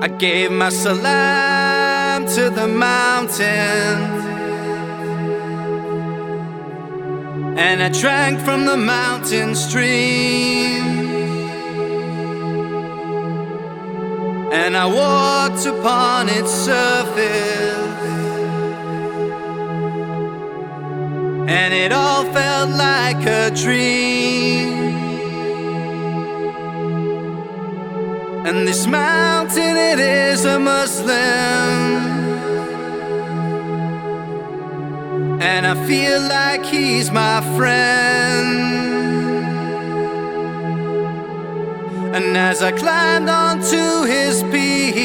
I gave my salam to the mountain. And I drank from the mountain stream. And I walked upon its surface. And it all felt like a dream. and this mountain it is a Muslim, and I feel like he's my friend. And as I climbed onto his peak,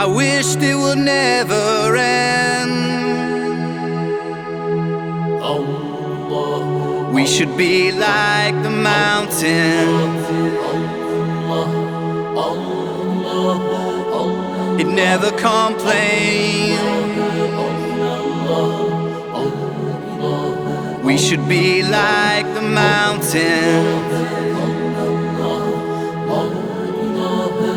I wished it would never end. Oh. We should be like the mountain. It never complains. We should be like the mountain.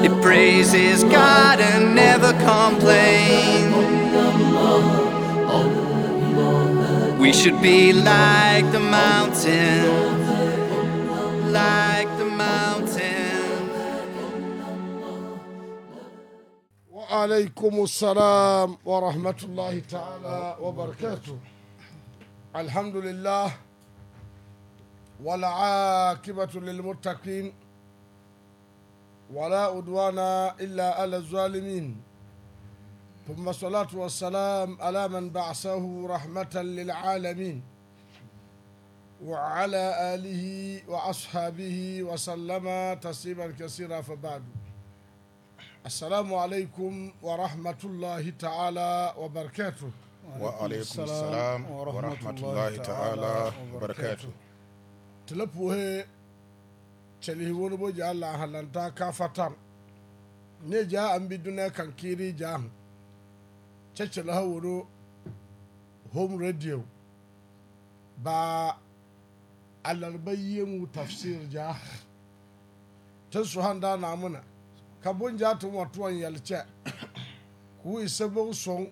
It praises God and never complains. We should be like the mountain, like the mountain. Wa alaykum salam wa rahmatullahi ta'ala wa barakatuh. Alhamdulillah. والعاقبة للمتقين ولا عدوان إلا على الظالمين ثم الصلاة والسلام على من بعثه رحمة للعالمين وعلى آله وأصحابه وسلم تسليما كثيرا فبعد السلام عليكم ورحمة الله تعالى وبركاته وعليكم السلام ورحمة الله تعالى وبركاته تلبوه تليه ونبو جعل الله هلانتا كافتان نجا أمبدنا كنكيري جاهم cɛcɛla ha woro home radio ba alarba yiemu tafsir ja tun su handa na muna ka bun ja tun watuwan yalce ku isa bau son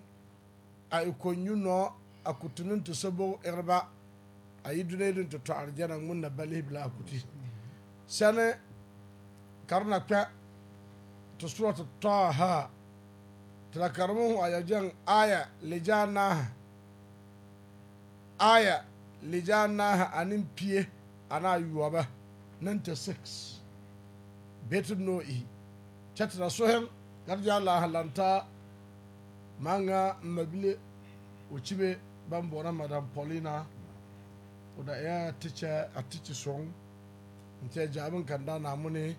a ikonyu no a kutunin sabo irba a yi dunaidin ta arjana mun na bali bila kuti sani karna kpe sura ta ha takarmuhu ayajan aya lijanaha aya lijanaha anin pie ana ba 96 betu no i chatna sohem garja la halanta manga mabile uchibe bambona madam paulina oda ya ticha a tichi song nte jabin kanda namune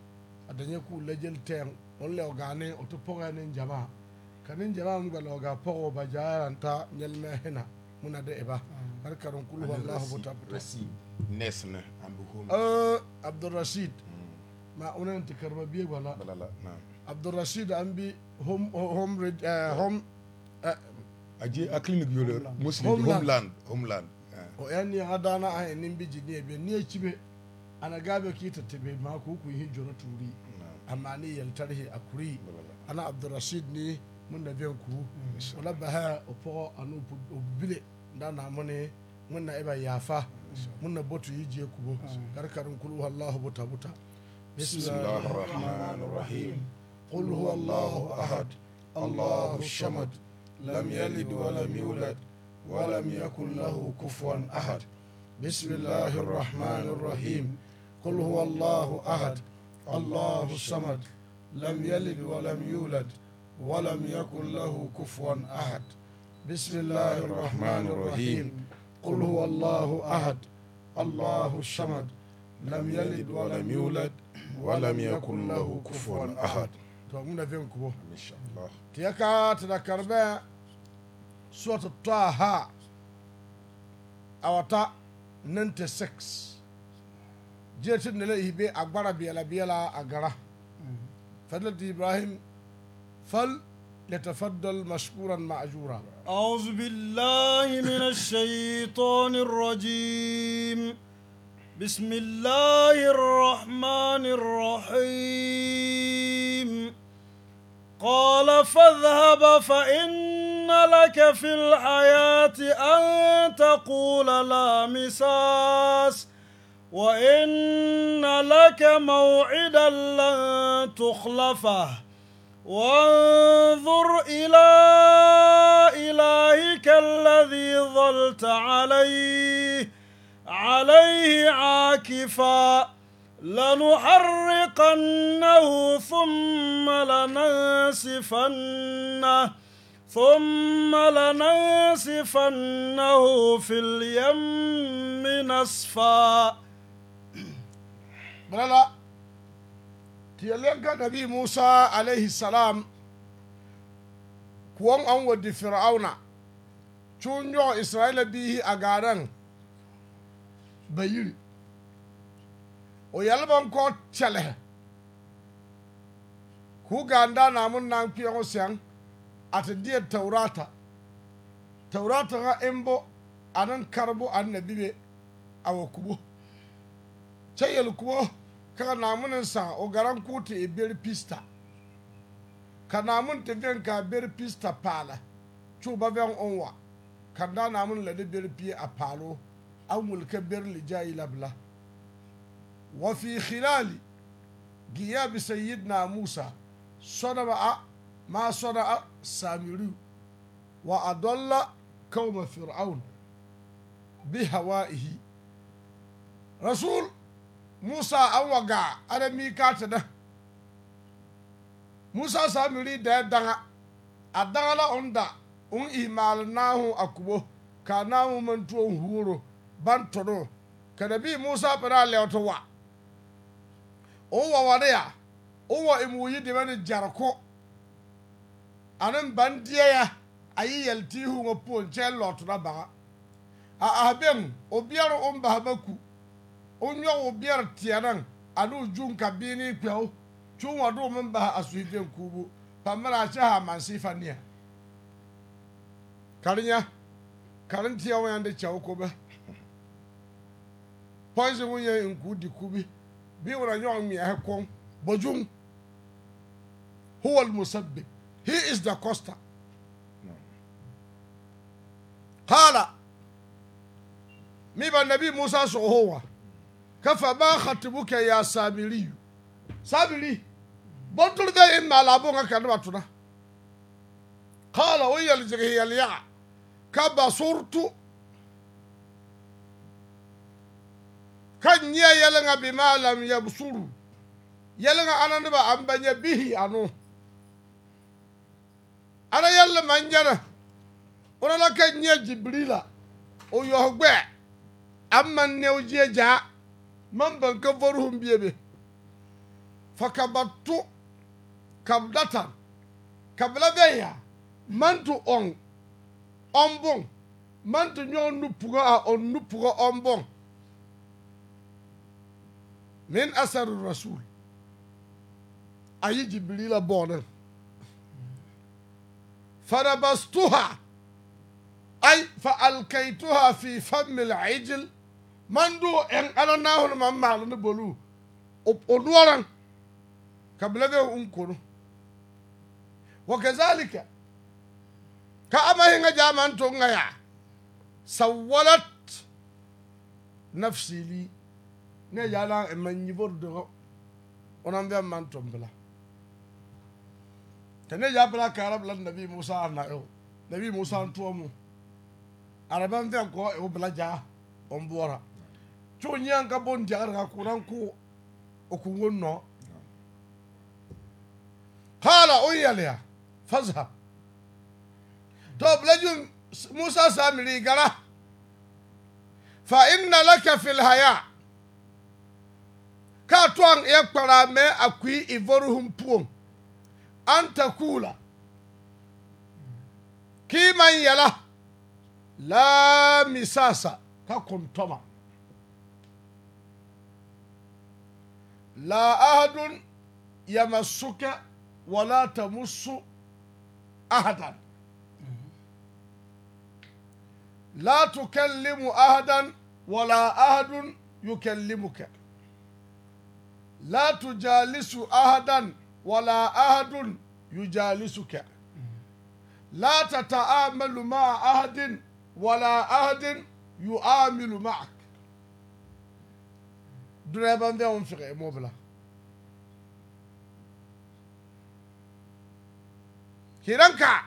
adanye ku lejel ten onle ogane otu pogane jamaa kanin jalan gwalo ga pogo ba jaran ta nyelme hena muna da iba har karin kulhu Allah buta buta nes na eh Rashid ma unan tikarba biye Rashid an bi hom home eh, aje a clinic yoler muslim homeland homeland eh. o yanni hadana a nin bi jiniye be niye cibe ana gabe ki tattabe ma k'u ku yi jona turi amma ni yantarhe a kuri ana Abdul Rashid ne mo na bia nku ɔla ba ha ɔpɔ ano obibire da na mo ne mo na ɛba yafa mo na bɔtɔ yi gye kubo karikari nkuru walahu buta buta. bisimilahi rahman rahim qul huwa allahu ahad allahu samad lam yalid walam yulad walam yakun lahu kufuwan ahad bisimilahi rahman rahim qul huwa allahu ahad allahu samad lam yalid walam yulad ولم يكن له كفوا أحد بسم الله الرحمن الرحيم قل هو الله أحد الله الصمد لم يلد ولم يولد ولم يكن له كفوا أحد تومنا فينكو إن شاء الله تيكا تذكر سورة الطه أو تا ننتي سكس جيت نلاقيه بي أكبر بيلا بيلا اغرا فضلت إبراهيم فليتفضل مشكورا ماجورا اعوذ بالله من الشيطان الرجيم بسم الله الرحمن الرحيم قال فاذهب فإن لك في الحياة أن تقول لا مساس وإن لك موعدا لن تخلفه وانظر إلى إلهك الذي ظلت عليه عليه عاكفا لنحرقنه ثم لننسفنه ثم لننسفنه في اليم نسفا tiyalenka nabi musa alayhi salam kuwon an wadi fir'auna cun yo isra'ila bihi a garan bayiri o yalban ko chale ku ganda namun nan piyan a ati diya taurata taurata ga imbo anan karbo annabi a wa kubo chayel kubo ka naamen sa o garan kʋʋ e y ber pista ka naamen tɩ vẽn ka a ber pista pala tʋʋ ba vɛn ka daa naamen la de ber a palo a wʋl ka ber lijayi la wa fi khilali giyabi sayyidna musa sɔdaba a ma sona a wa adalla kauma fir'aun bi hawaihi rasul musa an waga ada mikati da musa samiri da ya daŋa a daŋa la on da on imaali naahu a ka naahu man tuo huro ban tono ka bi musa pɛnaa lɛoto wa un wa ya on wa yi deme ne jariko aniŋ bandeɛya a yi yɛltiihu ŋa puon kyɛ na baŋa a ahabeŋ o biɛro ba ba ku un nyɔge o biɛre teɛnaŋ ane o gyuŋ ka biinii kpɛo kyuŋ wa de o meŋ bahi a suhideŋ kuubo pamara a kyɛ haa mansifa neɛ kare nyɛ karen teɛ wo yaŋ de kyɛo ko bɛ pɔisi wo yɛ eŋ kuu di kubi bii wo na nyɔge ŋmeɛhe kɔŋ bojuŋ huwa almusabbib he is the coster قال ميبا kafa ma khatibuka ya sabiri sabiri bontur ga in e malabo ga kan batuna qala wa yaljihi yalya ka basurtu kan ya yalanga bi malam yabsuru yalanga anan ba an banya bihi anu ana yalla manjana ona la kan ya jibrila o yo gbe amma ne o je ja من بل كفرهم بيده فكبرت كبدة كبلا بيا من تو أون أون بون من تو نو نبغا أون نبغا أون بون من أثر الرسول أي جبريل بونر فربستها أي فألقيتها في فم العجل mando en alanahol man maalo ne bolu o ka kabilage un kono wa kazalika ka ama hinga jaman to ngaya sawalat nafsi li ne yalan en man yibor dogo onan be man to bla tane ya bla karab lan nabi musa na yo nabi musa to mu araban fe ko e bla ja on bora ko ka bɔ ko bondiagre ngakuranku okungonno qala oyaleya fazhab fasa bulajum musa samiri gara fa inna laka fil haya ka an yɛ kpara mɛ a kui i voruhum puom an ta la kii man yala laa misaasa ka kun tɔma. لا أحد يمسك ولا تمس أحدا لا تكلم أحدا ولا أحد يكلمك لا تجالس أحدا ولا أحد يجالسك لا تتعامل مع أحد ولا أحد يعامل معك دنيا بان ذا ومشغ مو بلا كيرانكا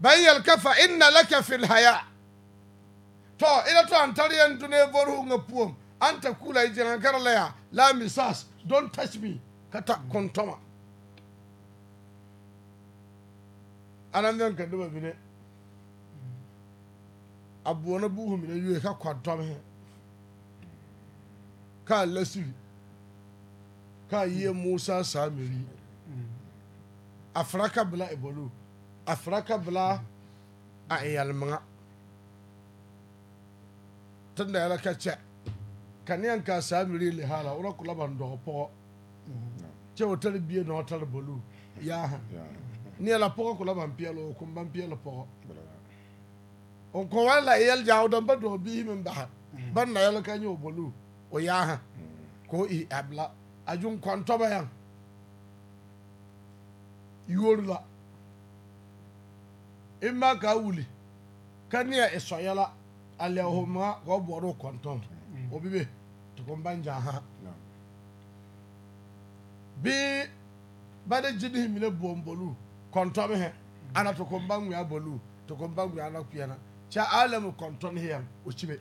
بيا الكفا إن لك في الحياة تو إلى تو أنتاري أن دنيا بورو نبوم أنت كولا إذا نكر لا لا مساس don't touch me كتا كونتوما أنا من كندوبة بني أبو أنا بوه من يويكا كونتوما هنا ka lasiri ka yie musa samiri afraka bila ibolo afraka bila a iyalmaŋa tɩnda yɛla ka kyɛ ka ka ban pɔgɔ o bie na o tare bolu yaaha neɛ pɔgɔ ku ban peɛle o ban pɔgɔ o o dan ba dɔge baha ban na ka nyɛ o oyaaha k'o iri ɛbla ajun kɔntɔbɔ yan yuori la i ma k'a wuli ka neɛ e sɔyɛ la a lɛ o ma k'o bɔr'o kɔntɔn o mm. bi be tugun ban jaa ha bii ba de jini mine bon bolu kɔntɔmi hɛ mm. ana tugun ban ŋmɛ bolu tugun ban ŋmɛ ana kpeɛna kyɛ alamu kɔntɔn hɛ yan o ci be.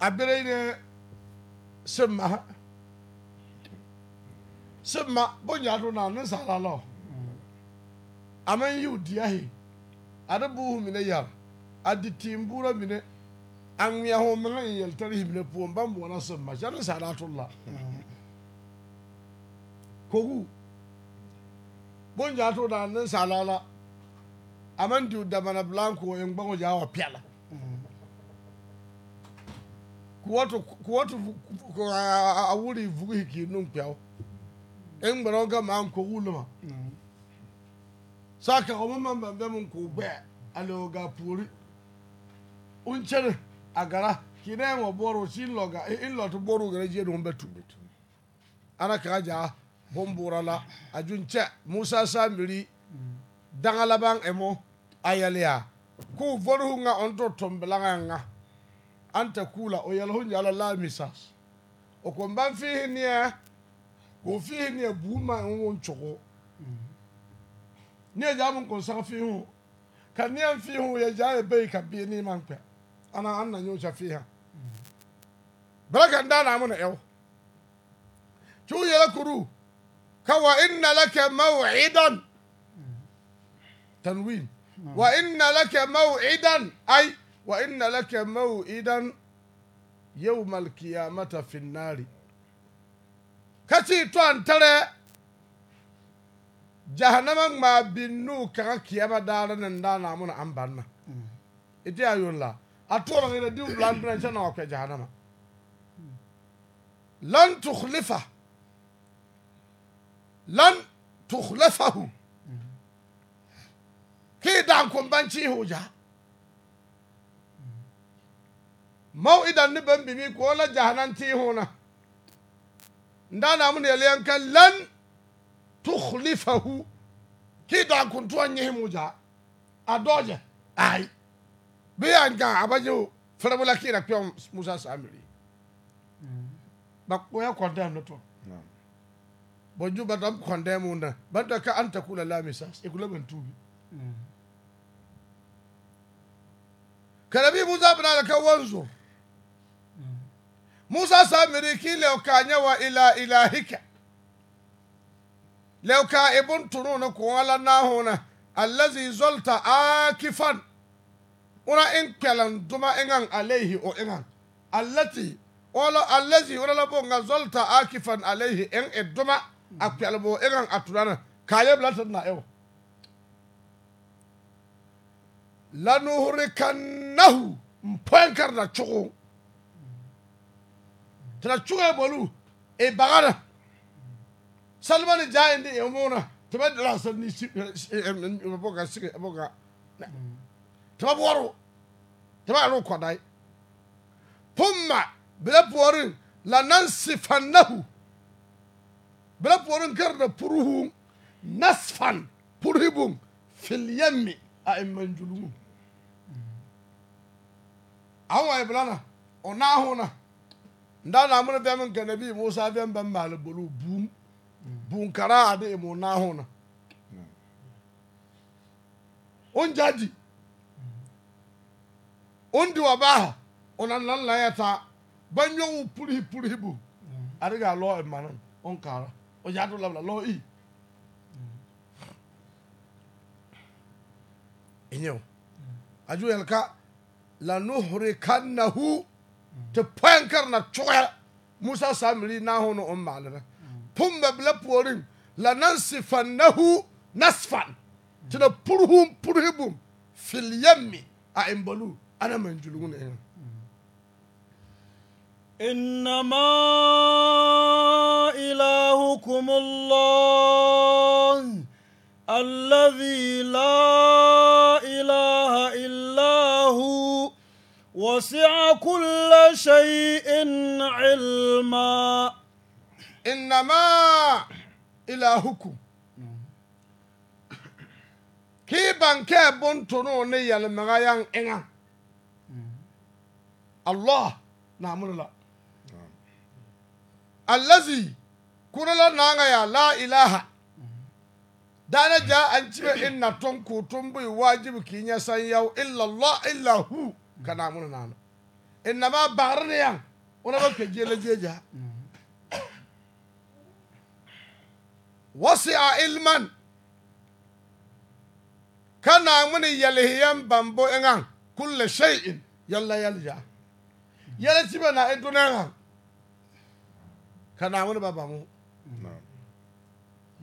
abirayne simmaha simma bonya naa nensaala la o a maŋ yiw diya he a de buuhu mine yɛre a di tiimbuura mine a ŋmeɛho meŋa eŋ yeltarihi mine puoŋ baŋ boɔna simma kyɛ nensaala tol la kogu bonyaatu naa nensaala la a maŋ diu damana bilaŋ ko eŋ gbaŋo gyaa wa pɛla kuwawuri vugi ki nun kpɛo n gbɛrɛ ka maa ko wulima saka o ma ma bɛ mun ku gbɛɛ ale o ga puori n kyɛnɛ a gara ki ne wa bɔro si n in n lɔti bɔro gɛrɛ jɛ nu bɛ tumi ana ka jaa bon bora la a jun kyɛ musa Samiri, daŋa laban emo a yɛlɛya k'u vɔrihu ŋa on to tumbilaŋa ŋa أن تقول أو يلهون على الله مساس أو كم بان فيه نيا كم فيه نيا بوما أنون شو نيا جامن كم سان فيه كان نيا فيه هو يجاء بي كبير نيا أنا أنا نيوش فيها بلا كان دا إيو شو يلكرو كوا إن لك موعدا تنوين نعم. وإن لك موعدا أي wa inna laka mau'idan yawmal qiyamata fin nari kaci to antare jahannama ŋmaa binnu kaŋa kiyama daara ne daa naamuna an banna mm. ite a yun la a tuura ŋa diu bilan duna kyɛ na wa kpɛ jahannama lan tukhlifa lan ki tukhlafahu mm-hmm. kun daa kumbanci hu jaa maw'idan ni ban bibi ko la jahannan ti hona nda na mun yanka lan tukhlifahu ki da kun to anyi muja adoje ai bi yanka abajo farabula ki na kyon musa samiri ba ko ya kwanda no to bonju ba dam kwanda mu na ba da ka anta kula la ban tubi mm. karabi musa bin alaka wanzur musa samiri ki leuka nyawa ila ilahika leuka ibun tunu na kuwala na hona allazi zolta akifan una in kelan duma ingan alaihi o ingan allati olo allazi ora labo nga zolta akifan alaihi in iduma e akelbo ingan aturana kaye blatan na ewo lanuhurikannahu mpwenkar da cugu tɩ cuga bolu y e bagana salma e ni jaayende y e, ŋuuna tɩ ba dɩla sẽn ni tɩ ba boɔrgo tɩ ba yaroo kɔday pʋmma bɩla puoriŋ la nansifannahu bɩla puoriŋ kerda puruhu nasfan purhibum filyemmi a en manjulumu an wa y bɩlana o naahuna nda na mini bɛmi n kana bi musa bɛm bɛn maali bolo buum buum kara a de e mu naahu na un jaji un di wa baaha na e nan la ya taa ban yɔgu pulihi pulihi bu a de lɔ lɔɔ mani un kaara o yaa do labila lɔɔ i i nyɛ o a ju yɛlɛ ka kanahu tɩ poɛn ka na tʋgɛ musa samiri naasʋnɩ n maalena pʋmbɛ bɩ la puoriŋ la nansifannahu nasfan tɩ nasifan purusum purusi bum fil yammi a ẽn ana man julgu ne إنما إلهكم الله الذي لا إله وسع كل شيء علما إنما إلهكم kii banke bontonu ne yɛlemaga yan eŋa allah naamunu la allazi kuri la naaŋa la ilaha daana jaa an cibe inna tonku tumbi waajibu kii nyɛ san yau illa allah illa kana mun nan ma bagar ne yan wani ba kweje le jeja a ilman kana mun yalhiyan bambo engan kulle shay'in yalla yalja yalla tiba na edunan kana mun baba mu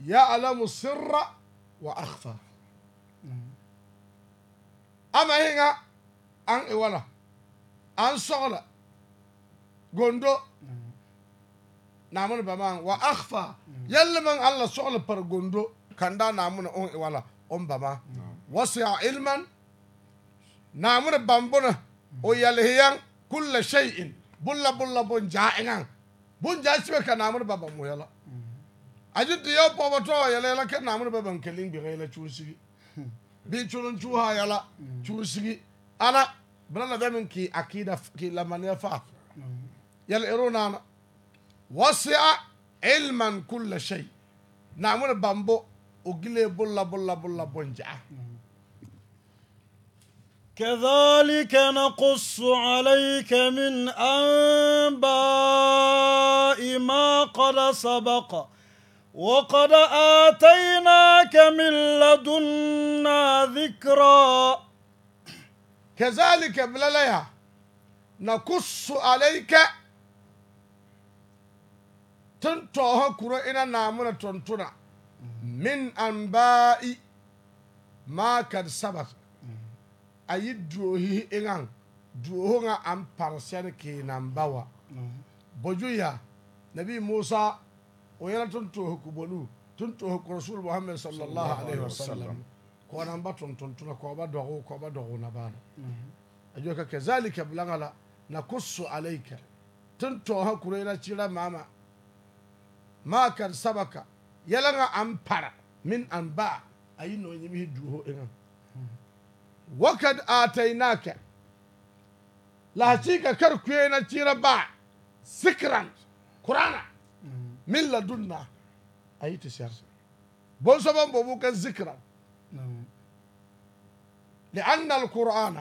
ya alamu sirra wa akhfa ama hinga an iwala an sɔgla gondo namun bama wa akhfa yalla man allah sɔgla par gondo kanda namun on iwala on bama wasi'a ilman namun bambuna o yalhiyan kulla shay'in bulla bulla bun bon ja'inan bon jasibe ka namun baba mu yala ajitu yau pɔbɔtɔ yɛlɛ yɛlɛ kɛ namun hmm. baban kelin bi yɛlɛ cuusigi bi curun cuha yala cuusigi انا بلانا دايما كي اكيد كي لما نفعت يلقرون انا وسع علما كل شيء نعمل بامبو وقلي بلا بلا بلا بنجع كذلك نقص عليك من انباء ما قد سبق وقد اتيناك من لدنا ذكرا كذلك بلليا نقص عليك تنتوها كرو إنا نامنا تنتنا من أنباء ما قد سبق أي دوهي إنان duohonga an parisiɛni keenan ba wa bojuya nabi musa o yɛlɛ tun tuohi kubolu tun tuohi kursul muhammad sallallahu alaihi kwanan ba tuntuntuna kwa ba dogo kwa ba dogo na bana mhm. ajo ka kazalika blangala na kusu alaika tun to ha kure na cira mama ma kan sabaka yalanga ampara min anba ayi no nyimi duho ina mhm. wakad atainaka la hakika kar kuye na cira ba sikran qur'ana mhm. min ladunna ayi tisar bon so bon bobu kan zikran لأن القرآن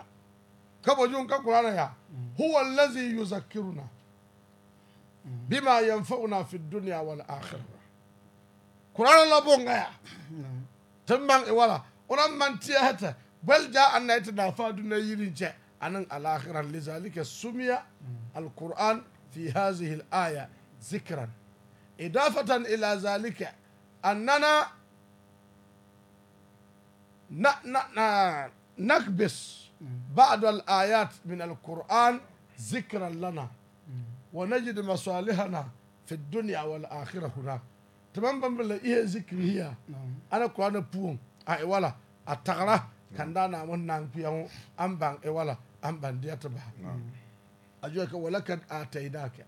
كبجون كقرآن يا هو الذي يذكرنا بما ينفعنا في الدنيا والآخرة قرآن لا بونغا تمان ولا قرآن من تيهت بل جاء أن يتنافى دنيا يرنجا أن الآخرة لذلك سمي القرآن في هذه الآية ذكرا إضافة إلى ذلك أننا نكبس بعض الآيات من القرآن ذكرا لنا ونجد مصالحنا في الدنيا والآخرة هنا تمام بمبلا إيه ذكر هي أنا قرآن بوم أيوالا أتغرى كان دانا من نانبيا أم بان أيوالا أمبان بان أجوك ولكن آتيناك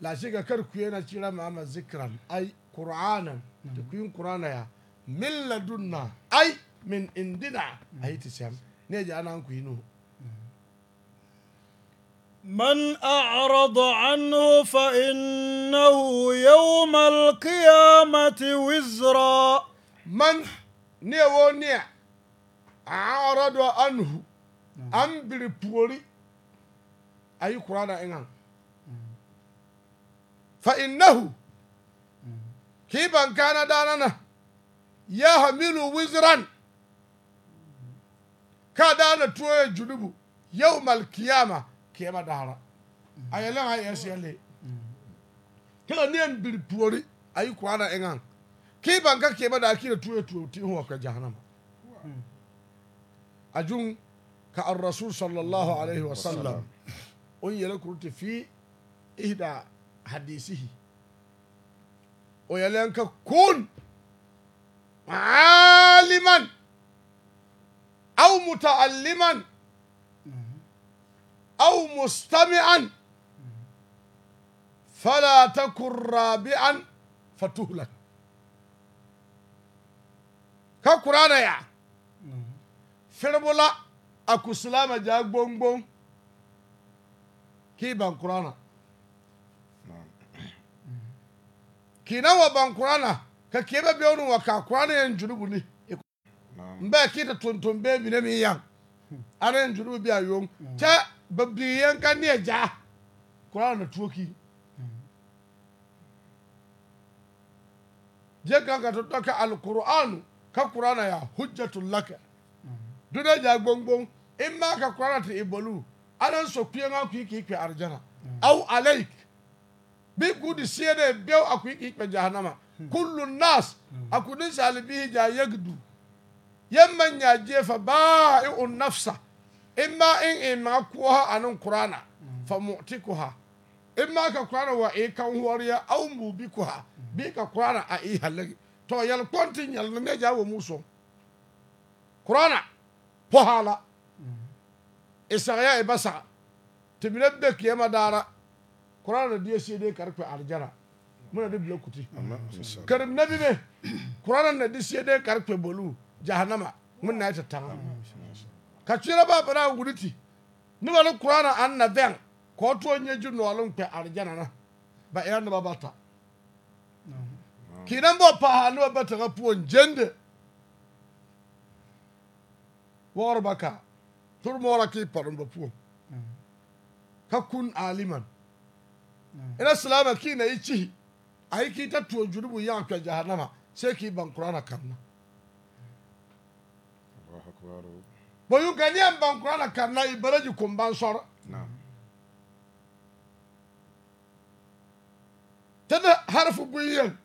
لا شيء كر كينا شيرا ما ذكرا أي قرآنا تكوين قرآنا يا من لدنا أي min indina a yi tisam ne ji ana ku yi no من أعرض عنه فإنه يوم القيامة وزرا من نيو نيا أعرض عنه أم بالبوري أي قرآن إنان فإنه كيف كان داننا يحمل وزرا ka dana tuoye junubu yawmal kiyama kiyama dahara a yelen a yesiyele kila niyen biri puori ayi kuana engan ki banka kiyama da kira tuoye tuo ti huwa kwa jahannama A jun ka ar-rasul sallallahu alaihi wa sallam on yele kurti fi ihda hadisihi o yelen ka kun aliman aw muta'alliman aw mustami'an fala takun rabi'an fatuhlan ka kurana ya firbula a kusulama ja ki ban kurana kina wa ban kurana ka kebe biyonu wa ka ne mbɛ kita tuntun bɛɛ mine mi yan ana en bi a yoŋ kyɛ ba biŋ yɛŋ ka neɛ gyaa koraa na tuo ki je kaŋ ka te tɔka alkur'anu ka kur'ana ya hujjatul laka duna gyaa gboŋgboŋ in ma ka kur'ana te e bolu ana so kpeɛ ŋa kui k'i kpɛ arjana aw alaik bi k'u di seɛ ne bɛo a kui k'i kpɛ jahannama kullu nas a ku bihi gyaa yɛgdu yɛmma nyaagyeɛ fa baa'u nafsa imma in ima koɔ ha kurana korana fa mu'tiku ha imma ka kurana wa e kan hɔriya aw mubiku ha bi ka kurana a i halagi to yal kɔnti yal ne ja wo muso kurana pɔhala isaɣya e basa saɣa ti be kiyama dara kurana die sie de kare arjara arijana muna de blokuti karim nabi be kurana na di sie de kare bolu jahannama mun na ita tanga ka kyerɛ ba bara wuriti noba ne koɔ an na bɛŋ ka o tɔɔ nyɛ gyu nɔɔlen kpɛ argyana na ba ɛrɛ noba bata kiinan bɔ paaha noba bata ŋa puoŋ gyende wɔɔre ba kaa tori mɔɔra kii pɔrin ba puoŋ ka kun aliman ina silama kii na yi ci a yi kii ta tuo juru bu yaŋ kpɛ jahannama sai kii ban koraa kanna boyu gania bankura na karina i kun ban sɔrɔ tɛnɛ harifu bonyen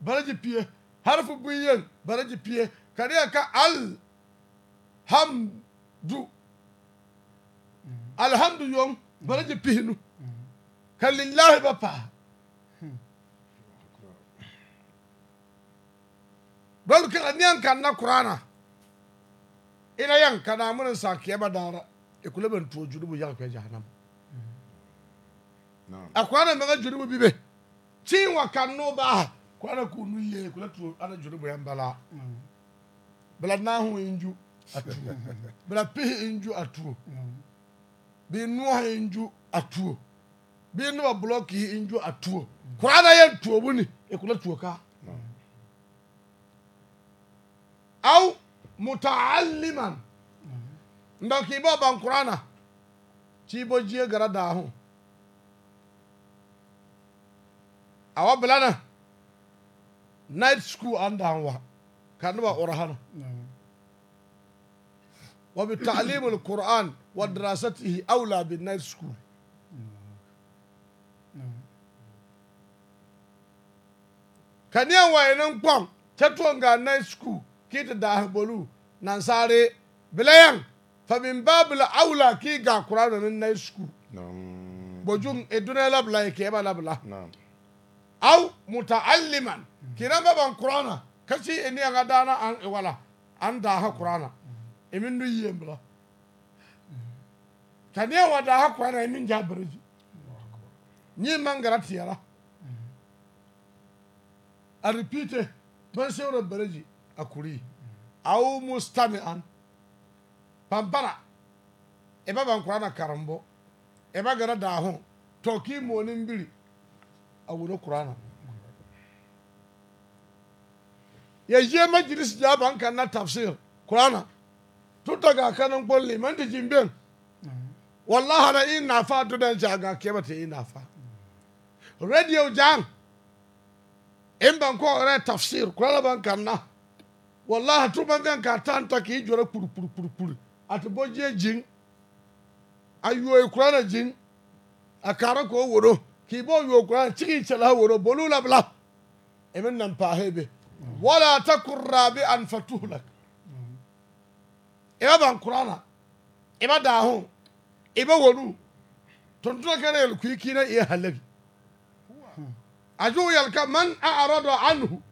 baraji pie harfu bonyen baraji pie ka ne yɛ ka alhamdu mm-hmm. alhamdu yom baraji mm-hmm. pihinu mm-hmm. ka lillahi ba paa hmm. dɔlu kɛra neɛ kan na kurana ina yan kana mun sa kiyama dara ikule e ben tuo junubu ya kwa jahannam naam akwana mega junubu bibe tin wa kan kanu ba kwana ku nu ye kula tuo ana junubu ya mbala bala na hu inju atu bala pe inju atu bi nuwa inju atu bi nuwa block inju atu kwana ye tuo buni ikule e tuo ka au mutaalliman ndɔn k'i b'o ban kurana t'i bo jie gara daahu awa bilana night school an daan wa ka noba urahana wa bi ta'lim quran wa dirasatihi awla bi night school ka neɛ wɔyɛ ne nkpɔn night school kiti daa gbolu nansaare bilayan fabin babila awla ki ga kurana ni na sukuu bojum edunɛ labila ye kɛɛba labila aw mutaalliman kina ba ban kurana kasi eni an ka daana an wala an daaha kurana emi nu yiyen bila ka neɛ wa daaha kurana emi ja bereji ni man gara tiyara a repeat ban sewro bereji akuri mustami an pampara ɛba bankora na karembɔ ɛba gana daa ho tɔki mɔɔnin biri a wuro kurana je majlis ja bankan na tafsir kurana tuta ga kanin kwalle man ti jimben wallahi na in na fa tudan ci ga ke bata in na fa radio jam in banko ko re tafsir kurana bankan na wallahi tuma kan ka tanta ki jore a pur pur pur ati boje jin ayo e na jin akara ko woro ki bo yo kurana chiki chala woro bolu la bla emin nan pa hebe wala takur rabi an I eba ban i eba da ho eba wonu tontuna kana yel kuiki na iya halabi ajo ka man a a'rada anhu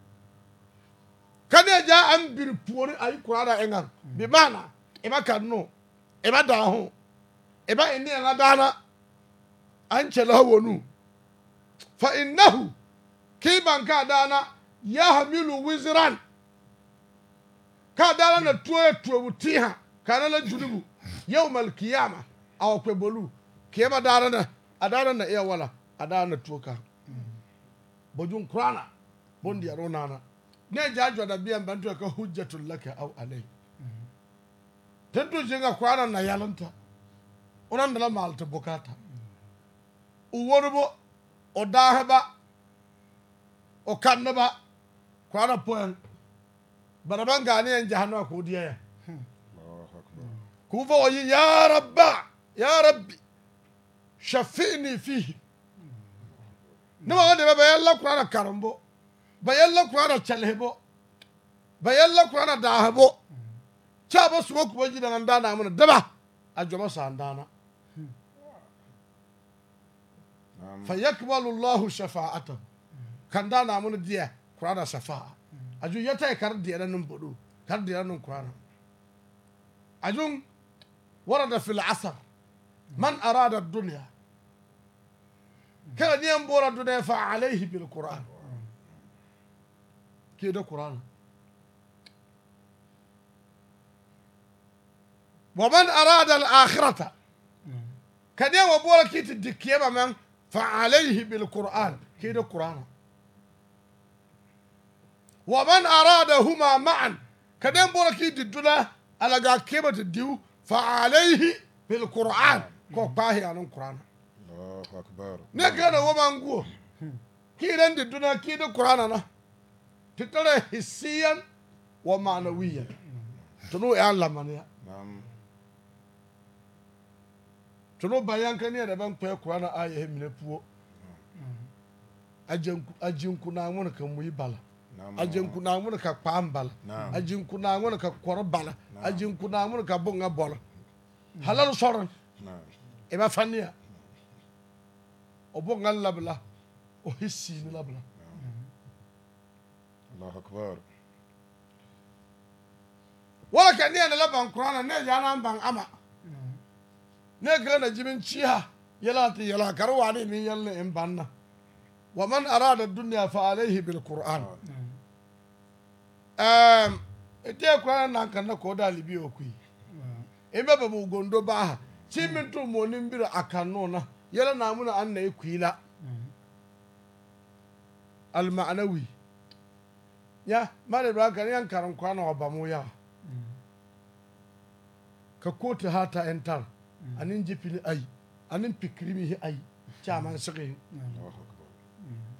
kane gya ambiri puori ayi kurara eŋa bi maana eba kanu eba daahu eba inni ana daana an kyɛlɛ ha wonu fa innahu ban ka daana yahamilu wiziran ka daana na tuo tuobu tiha kana la junubu yawma alkiyama awa kpɛ bolu kiyama daana na a daana na iya wala a daana na tuo ka mm. bojun kurana bon diyaro naana ne ja jajwa da biyan bantu ka hujjatul laka aw alai tentu jinga kwana na yalanta onan dala malta bukata uworubo o dahaba o kannaba kwana poyan baraban gani yan jahanna ko diya ya kufa yi ya rabba ya rabbi shafi'ni fihi ma wanda baba yalla kwana karambo bayalla kuwana chalhebo bayalla kuwana dahebo chaba suwa kuwa jida na ndana amuna daba ajoma sa ndana fayakbalu Allahu shafa'atahu kandana amuna diya kuwana shafa'a aju yata kar diya na numbudu kar diya na kuwana ajun ورد في العصر من أراد الدنيا كان ينبور الدنيا فعليه بالقرآن fiye da Qur'ani wa man arada al-akhirata kade wa bora kiti dikiye ba man fa alayhi bil Qur'an da wa man arada huma ma'an bora kiti dula alaga keba diu fa alayhi bil Qur'an ko bahi anan Allahu akbar ne wa man go kiran diduna na تترى حسيا ومعنويا تنو يعلم أنا tunu bayan ka ne da ban kwaya kuwa na aya mine puo ajin ku na ngun ka muyi bala ajin ku na ngun ka kpam bala ajin ku na ngun ka kor bala ajin ku na ngun ka bunga bola halal soron e ba fania o bunga labla o hissi ni labla Allahu akbar wala ka neɛ na la ban kurana ne ya na ban ama ne gele na jimin yala ti yala kar wa ne min yalla in banna wa man arada dunya fa alayhi bil qur'an um ite kurana nan kan na ko da libi o kui ba gondo bira na yala na muna an na yi kuila al ya mare ba ka yan karan kwana wa bamu ya ka kotu hata entar anin jifili ai anin pikrimi hi ai chaman sigi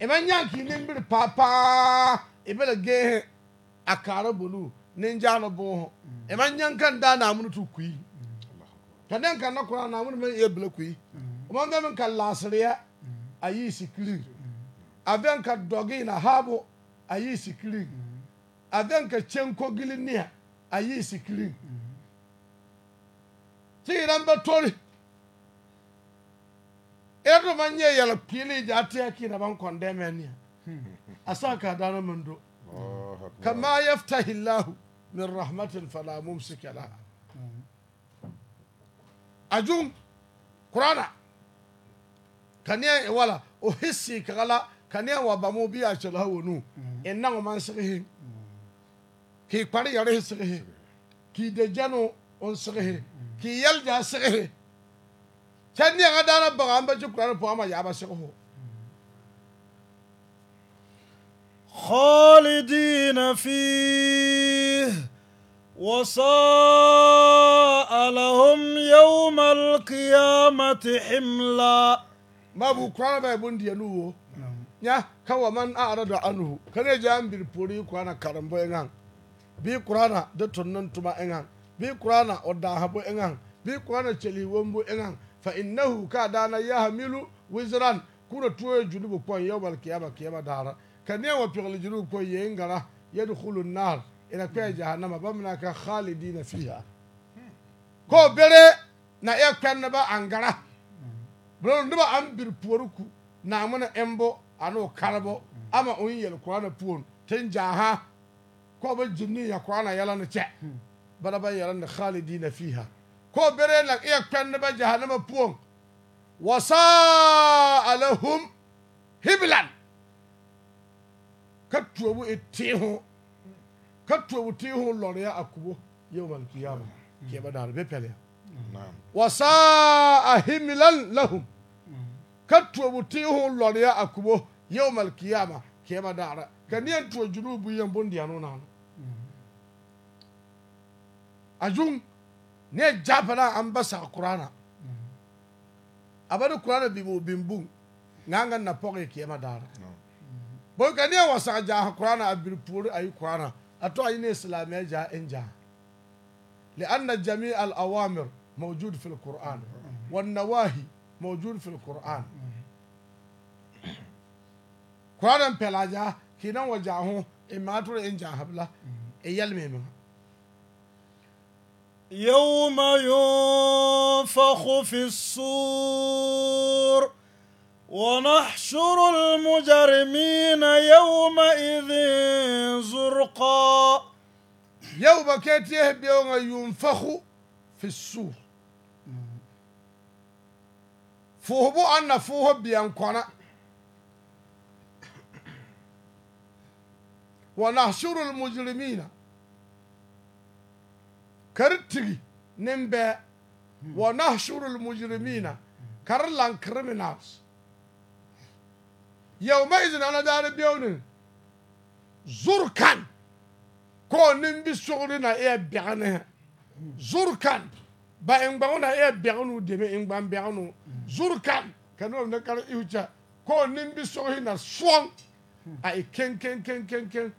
iban ki nin bir papa ibela ge akara bulu ne njalo bo iban kan da na mun tu kui kadan kan na kura na mun me yebla kui ga min kan lasriya ayi sikiri aven ka dogi na habo a yi sikirin a gan ka can kogilin niya a yi sikirin tigiran ba tori irin man yi yala ja ta yaki da ban kondeme niya a sa ka dana min do kama yaftahi lahu min rahmatin fala mumsika laha ajun qur'ana kaniya wala o hissi kanea wɔ ba mu bi ahyɛ ha wɔ nu ɛnna wɔn ansere he k'i kpari yɛre he k'i degya no onsere k'i yɛl gya kyɛ neɛ ka daana baga an bɛ gye kura ne pɔgɔ ama yaaba sere ho. خالدين فيه وساء لهم يوم القيامة حملا ما بو كوانا بابون ديانو nya wa man arada anhu kane jam bir puri kwana karambo engan bi kurana de tonnon tuma engan bi kurana odda habo engan bi kurana cheli wombo engan fa innahu ka dana yahmilu wizran kuna tuwe junubu pon bal kiyama kiyama dara kane wa pigli junubu pon yengara yadkhulun nar ila kwa jahannama bamna ka khalidina fiha ko bere na e kwanna ba angara bro ndiba am bir ku na amana embo ane karebo ama un yel korana puon tin jaha ko ba jinni ya korana yala ne che bada ba yala ne khalidina fiha ko bere la iya kwanne ba jahannama puon wasa lahum hiblan ka tuobu e tiho ka tuobu tiho lɔriya a kubo yawma alqiyama kiyama daara be pɛlɛ wasa himlan lahum ka tuobu tiho lɔriya a kubo yawmal kiyama kema dara kaniyan tuwa junubu yan bondi ya nuna hannu a jun ne jafana an basa a kurana a bari kurana bibu bimbu nganga na poge kema dara bo kaniyan wasa jaha kurana a birpuri ayi kurana a to ayi ne islamiyya ja in ja لأن جميع الأوامر موجود في القرآن والنواهي موجود في القرآن kwaran pelaja kinan wajahu imatur e inja habla iyal mema يوم ينفخ في الصور ونحشر المجرمين يومئذ زرقا يوم كاتيه بيوم ينفخ في الصور فوهبو أن فوه بيانكونا wa nahshurul mujrimina tigi nimbɛ wa nahshurul mujrimina karilan criminals yawma izin ana daani bewni zurkan ko nimbi sugri na iya bɛgni zurkan ba ingbaŋu na iya bɛgnu deme ingban bɛgnu zurkan ka noom ne kari ihucha ko nimbi sugri na suɔŋ a yi kinkinkinkinkin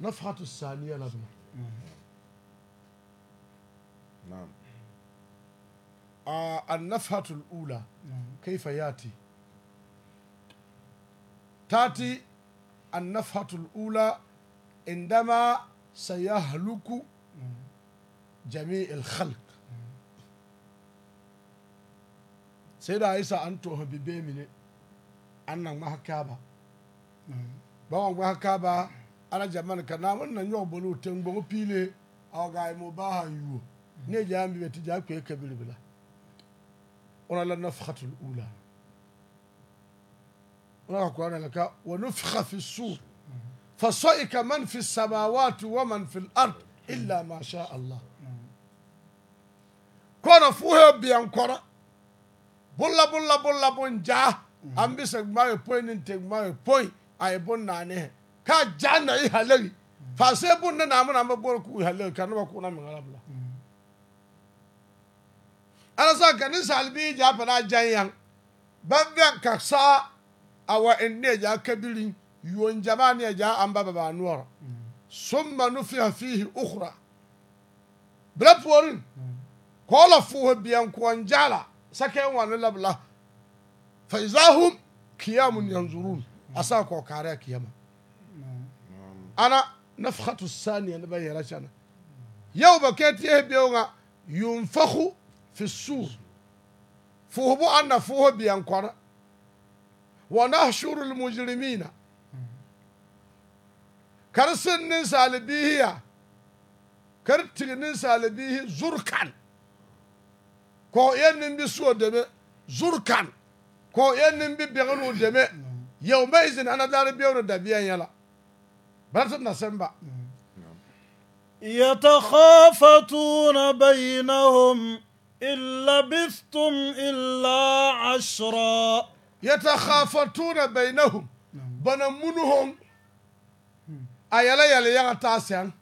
na fatu saniya na zuma a ah, na fatu ula kai fayati tati an na fatu ula inda ma saya haluku jami'il khalq sai da isa an tohon bibe mine anna maha kaaba ba wa ŋmahi kaaba ana jamani ka naawuni na nyɔge bolo o teŋ gboŋo piile a wa gaa yɛmɛ o baa han yuo ne ja bi bɛ ti jaa kpee ka bili bila ona la nafhatul ula ona ka kura na la ka wa nufha fi sur fa so'ika man fi samawati wa man fi lard illa ma sha allah kɔɔna fuuhe biɛn kɔna bulla bulla bulla bun jaa an bisa gmare poi nin te gmare poi a ye bon na ne ka ja na i halari fa se bon na na mun bor ku halari ka no ku na mi ngala bla ana sa ka ni salbi ja pa na jan yan ban ban ka sa awa inne ja kabiri yon jamani ja an baba ba nuwara summa nufiya fihi ukhra bla porin mm. kola biyan sake wani labla fa izahum kiyamun yanzurun asa ko kare kiyama ana nafkhatu saniya na bayyana shana yau ba ke tiye biyonga yunfakhu fi sur fuhubu anna fuhu biyan kwana wa nahshuru almujrimina kar sinnin salibihiya kar tignin salibihi zurkan ko yannin bi suwa deme zurkan ko ye nimbibiɛgu ni o dɛmɛ yawma izin anadari biɛgu ni dabiɛn yɛla bala ti na sɛn ba يتخافتون بينهم إن لبثتم إلا عشرا يتخافتون بينهم بنا منهم أيلا يلا يلا تاسيان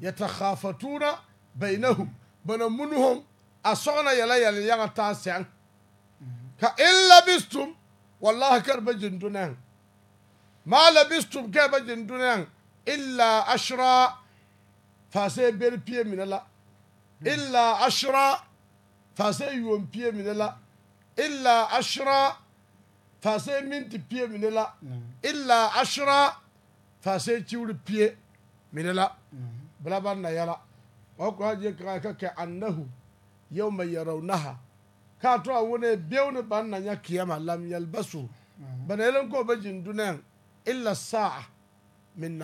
يتخافتون بينهم بنا منهم أصغنا يلا يلا يلا تاسيان ka in labistum wallahi kar ba dunan ma labistum kai ba dunan illa ashra fa sai bel pie minala illa ashra fa sai yuwon pie minala illa ashra fa sai minti pie minala illa ashra fa sai ciwri pie minala bla ban na yala wa ko je ka ka annahu yawma yarawnaha ka to a wone ne ban na ya kiyama lam yalbasu mm-hmm. bana yelen ko ba dunan. illa sa'a min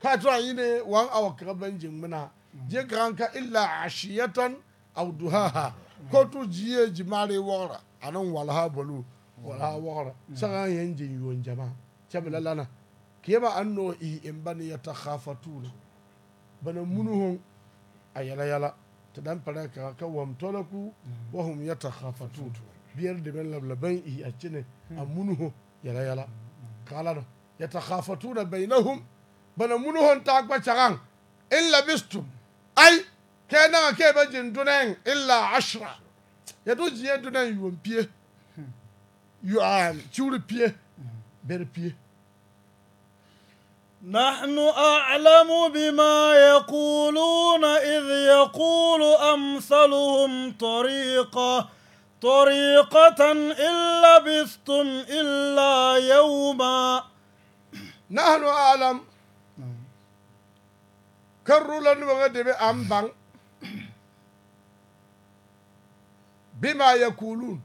ka to a ne wan awa ka ban je kan ka illa ashiyatan aw duhaha ko tu jiye jimare wora anan walha bolu walha mm-hmm. wora mm-hmm. sagan yan jin yon jama chabla lana kiyama an no'i in bani yatakhafatuna bana munuhun a yala, yala. fara ka ka wam tolaku wa hum biyar da me lablabãn i a kyene a munuho yɛla yɛla kaalado yatakhafatuna bainahum bana munuho ta taa kpacagaŋ in labistum ay kɛɛ naŋa kɛɛ ba gyen dunɛɛŋ illa ashra yɛto gyeɛ dunan yuon pie yuan ciuri pie bɛr pie نحن أعلم بما يقولون إذ يقول أمثلهم طريقة طريقة إن لبثتم إلا يوما نحن أعلم كرولن وغدب أمبان بما يقولون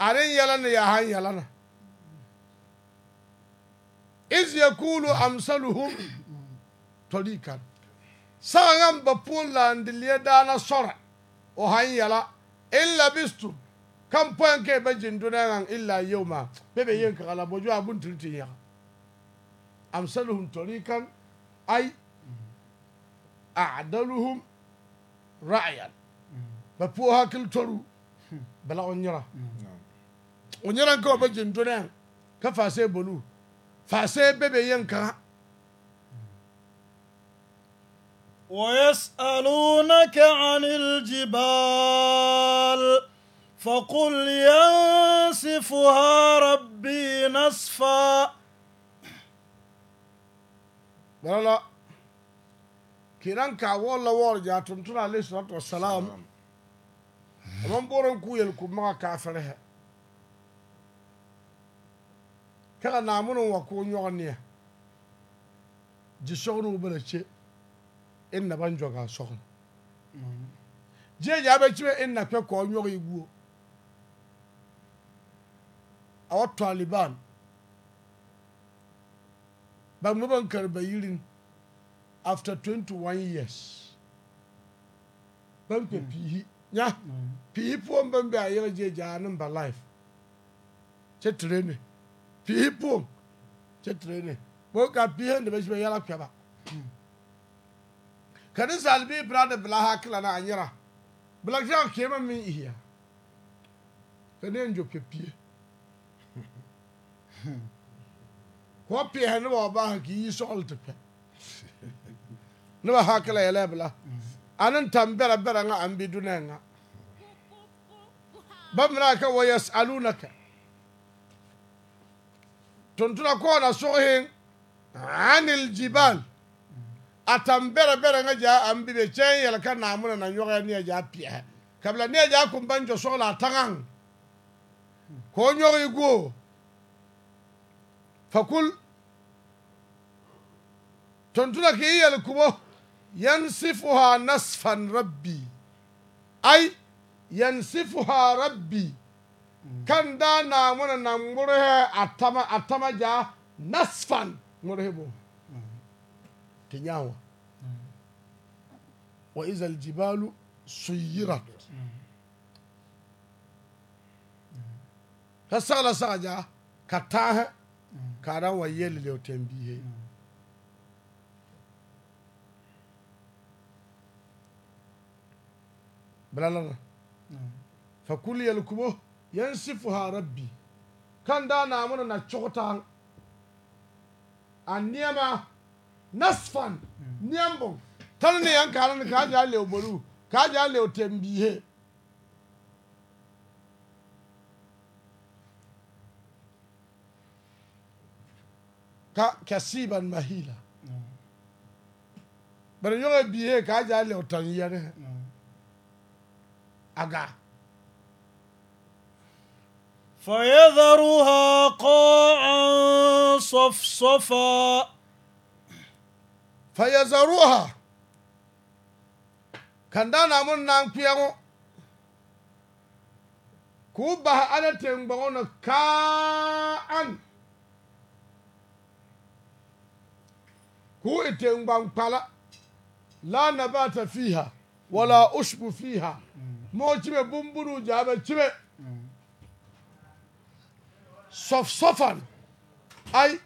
أرين يلن يا هان يلن إذ يقول أمثلهم طريقا سأغم بقول لأن دلية دانا صرع وهاي يلا إلا بستو كم بوين كي بجن دونان إلا يوما بيبي ينك على بوجوا أبون تلتين أمثلهم طريقا أي أعدلهم رعيا بقوها كل ترو بلا ونيرا نعم. ونيرا كو بجن دونان كفاسي بلو فاسي بيبي ويسألونك عن الجبال فقل ينسفها ربي نصفا لا لا كيرانكا ولا ولا يا تمتنا عليه الصلاه والسلام ومن بورن كويل كما كافرها kɛ ka wa ko o nyɔgɔniya jisɔgɔniw bɛ na ce e naba n jɔ k'a sɔgɔnɔ jeejaa bɛ cibɛ e na kpɛ kɔɔ nyɔgɔ i guo a wa taliban ba noba n kari ba yirin after twenty one years ban kpɛ mm. piihi nya mm. piihi puan ban bɛ a yɛrɛ jeejaa ne ba life kyɛ tirene. ti ipo kyɛ tirene bo ka pihe ne bɛsi bɛ ka bila ha na anyira bila kyan kema min ihia ka ne njo kpɛ pie ko pihe ne ba ba ki yi sɔgl te pɛ ne ba ha kila yɛlɛ bila anin tam bɛrɛ bɛrɛ ŋa an bi dunɛ ŋa ba mina ka wa yas'alunaka tontuna koona sughin anil jibal atan bɛrɛ bɛrɛ ŋa ja an bibe kyɛn yɛl ka naamuna na nyɔgɛ neɛ jaa piɛhɛ kabila neɛ jaa kumban jɔ sɔglɔ a taŋaŋ k'o nyɔge i guo fakul tontuna k'i yɛl kubo yansifuha nasfan rabbi ay yansifuha rabbi kan da na muna a tama atama ja nasfan bo wa izal jibalu suyirat ka ja ka tahe wa yeli hmm. fa yansifuha rabbi kan da namuna na choktan an niyama nasfan niyambon tan ne yan karan ka ja lew boru ka ja lew tembihe ka kasiban mahila bari yɔŋɛ bihe ka ja lew tan yɛrɛ aga فيذرها قاعا صفصفا فيذرها كان دانا من نانكيو كوبا انا تنبغون كاعا كو تنبغون كالا لا نبات فيها ولا أشب فيها موشبه بمبرو جابه شبه sofsofan ai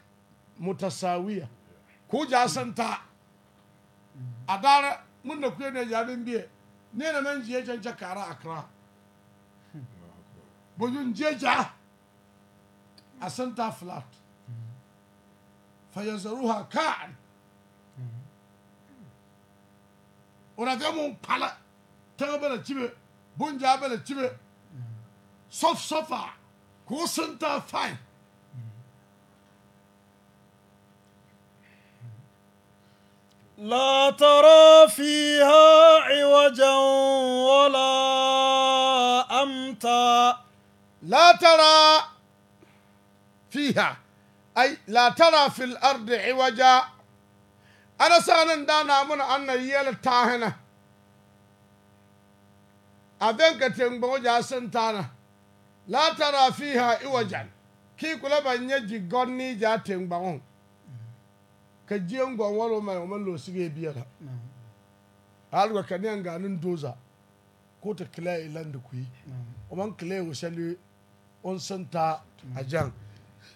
mutasawiya ko ja santa adara mun da kuye ne jarin biye ne na nan jiye janja kara akra bojun jeja a santa flat fayazaruha ka'an oraga mun pala tanga bala cibe bunja bala cibe sof Hvor sind der fejl? لا ترى فيها عوجا ولا أمتا لا ترى فيها أي لا ترى في الأرض عوجا أنا سأنا دانا من أن يل تاهنا أبنك تنبوجا سنتانا látara fiha iwajan kí kulaba nyɛ jigɔn ní ìjà tẹ̀gbọ́n ka jie ŋgɔn wɔlɔ ma o ma lɔ sige bia la hali wa ka neɛ ŋgaa ne doza ko te kila e lan de kui o man kila e o sɛli on sen taa a jan.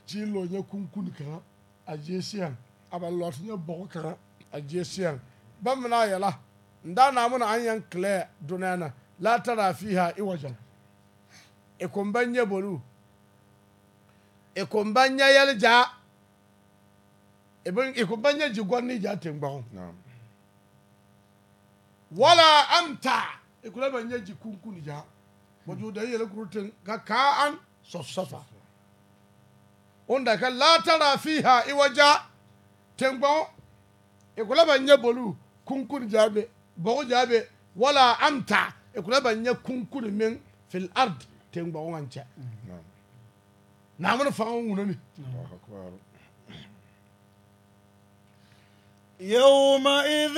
jii lɔ nyɛ kunkun kaŋa a jie seɛŋ a ba lɔɔte nyɛ bɔgɔ kaŋa a jie seɛŋ ba mine a yɛla n daa naa na an yɛn kila donɛɛ na laa fiha iwajan ikumban nye bolu ikumban nye yɛli jaa ikumban nye jigɔn ni jaa ten gbɔn wala amta taa ikula bɛ nye ji kunkun ni da yɛlɛ kuru ten ka kaa an sɔsɔfa onda ka laatara fiha iwaja ten gbɔn ikula bɛ nye bolu kunkun jaa be bɔgɔ wala amta taa ikula kunkun min fil ard kyɛ mm. wuna ni يومئذ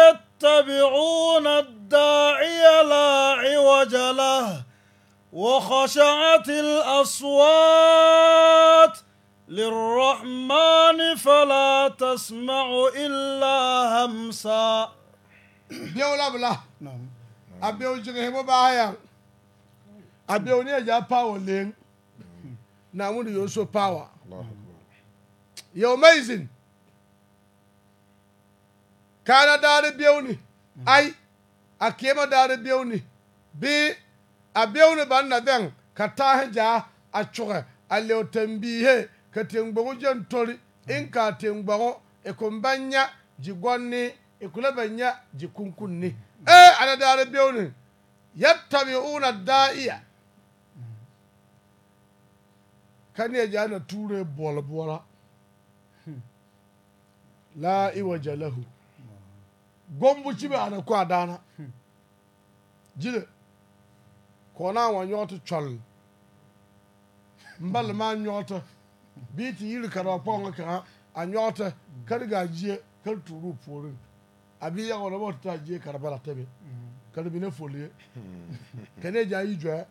يتبعون الداعي لا عوج له وخشعت الأصوات للرحمن فلا تسمع إلا همسا نعم. بلا نعم. أبيو جغيبو بايا abia oni agya power len na wọn de yóò so power yɛ amazing kaana daare biew ni ai akeema daare biew ni bi abiew ni ban na bɛn ka taa gyaa a kyuɣe a lɛo tambiihe ka tengbɔŋo gyɛn tori in ka tengbɔŋo e kun ban nyɛ jigɔnni e kula ban nyɛ jikunkunni ee eh, ana daare biew ni yɛ tabi una daa iya. kaneɛ gyaa na tuure bɔle boɔra laa iwaja lahu gbombu chibe ana ko a daana jile kɔɔnaa wa nyɔɔte kyɔl mbale maa nyɔɔte bii te yiri ka dɔɔ kpɔŋa kaŋa a nyɔɔte kare gaa gyie kare tuuruu puoriŋ a bii yaga wa na ba te taa gyie kare bara tɛbe kare mine folie hmm. kaneɛ gyaa yi jɔɛ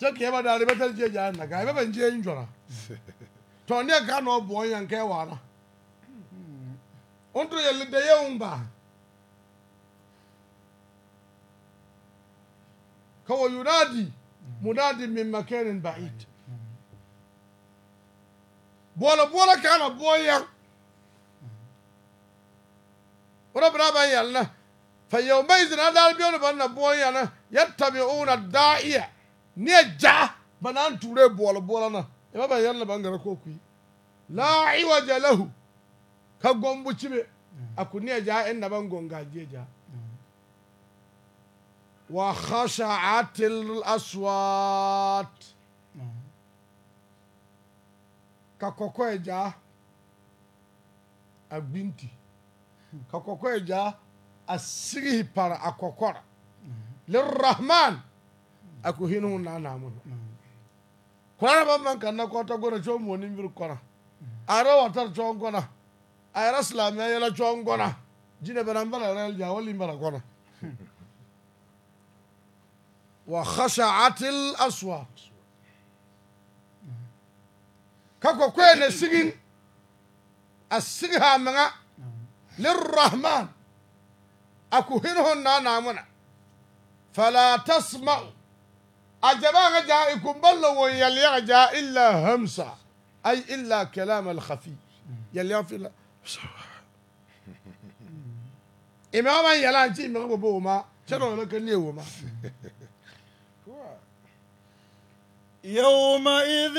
je ka ebe dara ebeta je eji nna ga ebe be nje njọra to ne ka na ọ bụ kɛ nke o ntụ ya lide ya mba ka wa yunadi munadi min ma kɛ ba it bola bola ka na o boya ora braba yalla fa yawma idhin adal biyo na boya na yattabi'una iya. neɛ ja ba naŋ ture boɔle boɔlɔ na ɛma e ba yɛlɛ baŋ gara k'o kui laa iwaja lahu ka gɔmbu cibe a ku ja gyaa ɛn na baŋ gɔŋ gaa die gyaa wa khashaatil aswat ka kɔkɔɛ e ja a gbinti ka kɔkɔɛ e ja a sigi pare a kɔkɔra mm-hmm. lirrahman aku hinu mun na na mun kwana ban man kan na kota gona cho mo ni bir kona ara watar cho kona ara islam ya yala cho kona jine ban ban ara ya wali ban kona wa khasha'atil aswat kako kwe ne sigin asigiha manga lirrahman aku hinu na na mun fala tasma'u عجبا جائكم بل ويلي جاء إلا همسة أي إلا كلام الخفي يلي في إماما يلا جي من بوما شنو لك اليوم يومئذ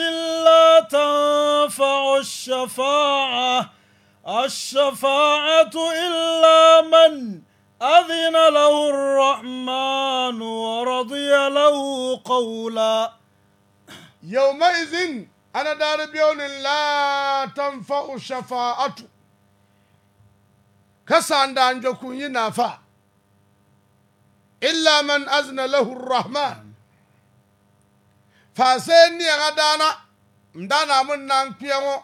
لا تنفع الشفاعة الشفاعة إلا من أذن له الرحمن ورضي له قولا يومئذ أنا دار بيون لا تنفع الشفاعة كسان دان جوكو ينافع إلا من أذن له الرحمن فاسيني غدانا مدانا من نانكيو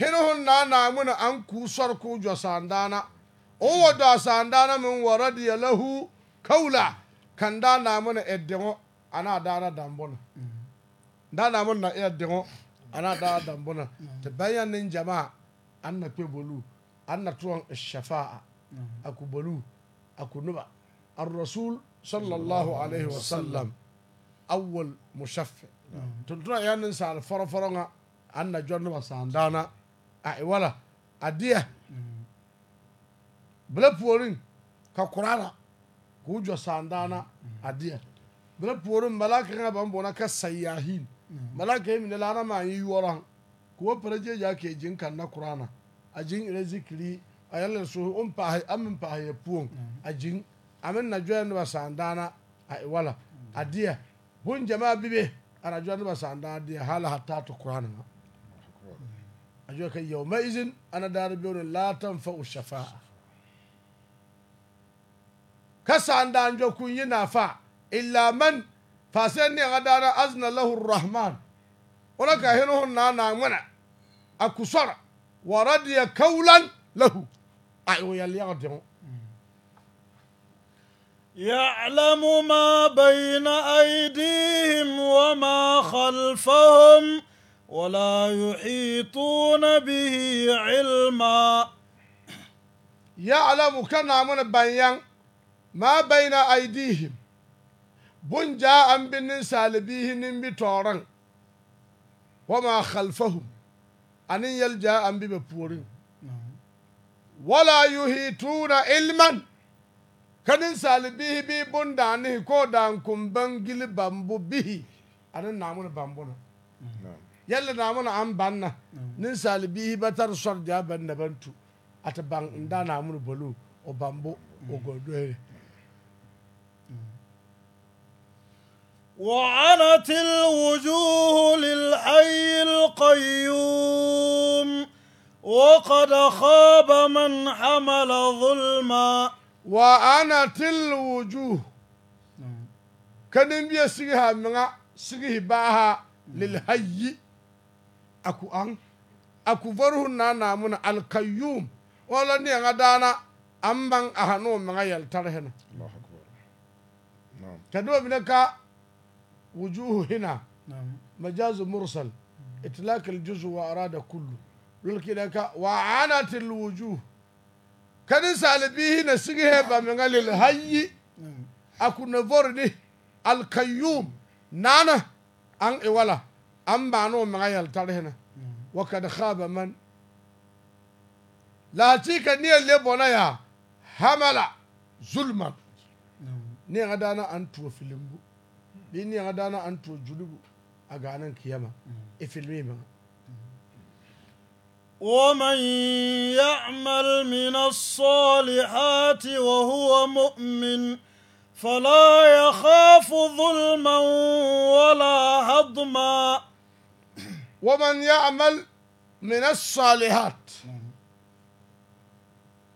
هنا نانا من أنكو سركو جوسان دانا o da sanda na min wa radiya lahu kaula kan da na mun eddemo ana da na dambona da na mun na eddemo ana da dambona ta bayanin jama'a an na kwe bolu an na tuwon shafa'a aku bolu aku nuba rasul sallallahu alaihi wa sallam, أول مشفع tuntuna ya nin sa fɔrɔfɔrɔ an na jɔn noba saan a e wala a deɛ Bila puorin ka korana ka o jɔ saandaana a deɛ bela puoriŋ malaka ka baŋ boɔna ka sayahin malaka mine laana ma yi yɔɔraŋ ka wa para k'e gyaa kee gyeŋ kanna korana a jin erɛ zikiri a yɛlɛ so on paahe a meŋ paahe a puoŋ a gyeŋ a na gyɔɛ noba a wala a bun jama'a bebe a na gyɔɛ noba saandaana deɛ hala la ha taa to ka ŋa a gyɔɛ ka yawma izin ana daare bewne laa tanfa o shafa'a كسان دان جو كون ينافع إلا من فاسني غدانا أزن له الرحمن ولك هنه نانا منع أكسر وردي كولا له أعيو يلي يقدمه يعلم ما بين أيديهم وما خلفهم ولا يحيطون به علما يعلم كنا من بيان ma baina aidihim bun ja an binin salibihi nin bi toran wa ma khalfahum anin yal ja an bi be puorin wala tuna ilman kanin salibihi bi bun danihi ko dan kumban gili bambu bihi anin namun bambu na yalla namun an banna nin salibihi batar sor ja ban na bantu ata ban nda namun bolu o bambu o godoere وعنت الوجوه للحي القيوم وقد خاب من حمل ظلما وعنت الوجوه كان سيها منا سيها باها للحي أكو أن أكو فره نانا من القيوم ولا نيغا دانا أمبان أهانو منا يلترهن الله أكبر نعم كدوب وجوه هنا مجاز مرسل إطلاق الجزء وأراد كله لكنك وعانت الوجوه كان سالبيه نسيه بمن الهي أكو نفرني القيوم نانا أن إولا أم بانو مغايا التارهنا وقد خاب من لا تيك ني اللي بنايا هملا ظلما ني غدانا أن توفي لمبو linni ŋa daana an tuo julibu a gaanaŋ kiyama e filmi maŋa ومن يعمل من الصالحات وهو مؤمن فلا يخاف ظلما ولا هضما ومن يعمل من الصالحات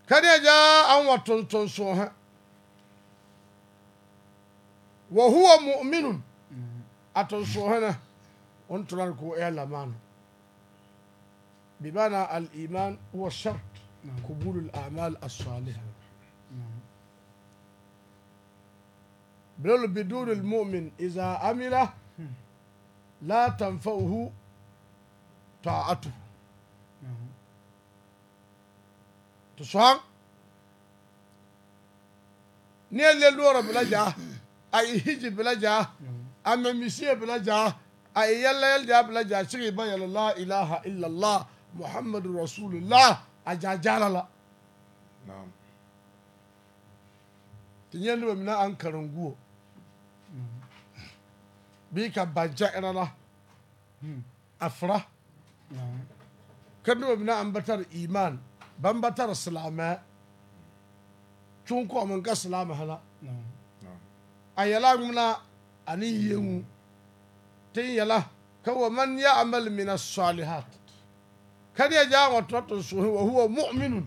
كان جاء أن وتنتنسوها وهو مؤمن mu'minun atun sohana on tunan بمعنى الإيمان هو شرط نعم. قبول الأعمال الصالحة نعم. بل بدون المؤمن إذا عمل لا تنفعه طاعته نعم. تصحى نيل لورا بلا جاه a yi hiji bilaja a mɛ misiye bila a yi yalla yalla ja bila ja sigi ba la ilaha illallah muhammadu rasulullah a ja jala ka a iman ban ba tari silaamɛ ka la a yala ŋmena ane yeŋu teŋ yala ka wa man ya'mal min as-salihat kadiya jaa wa tɔtɔ suhi wa huwa mu'minun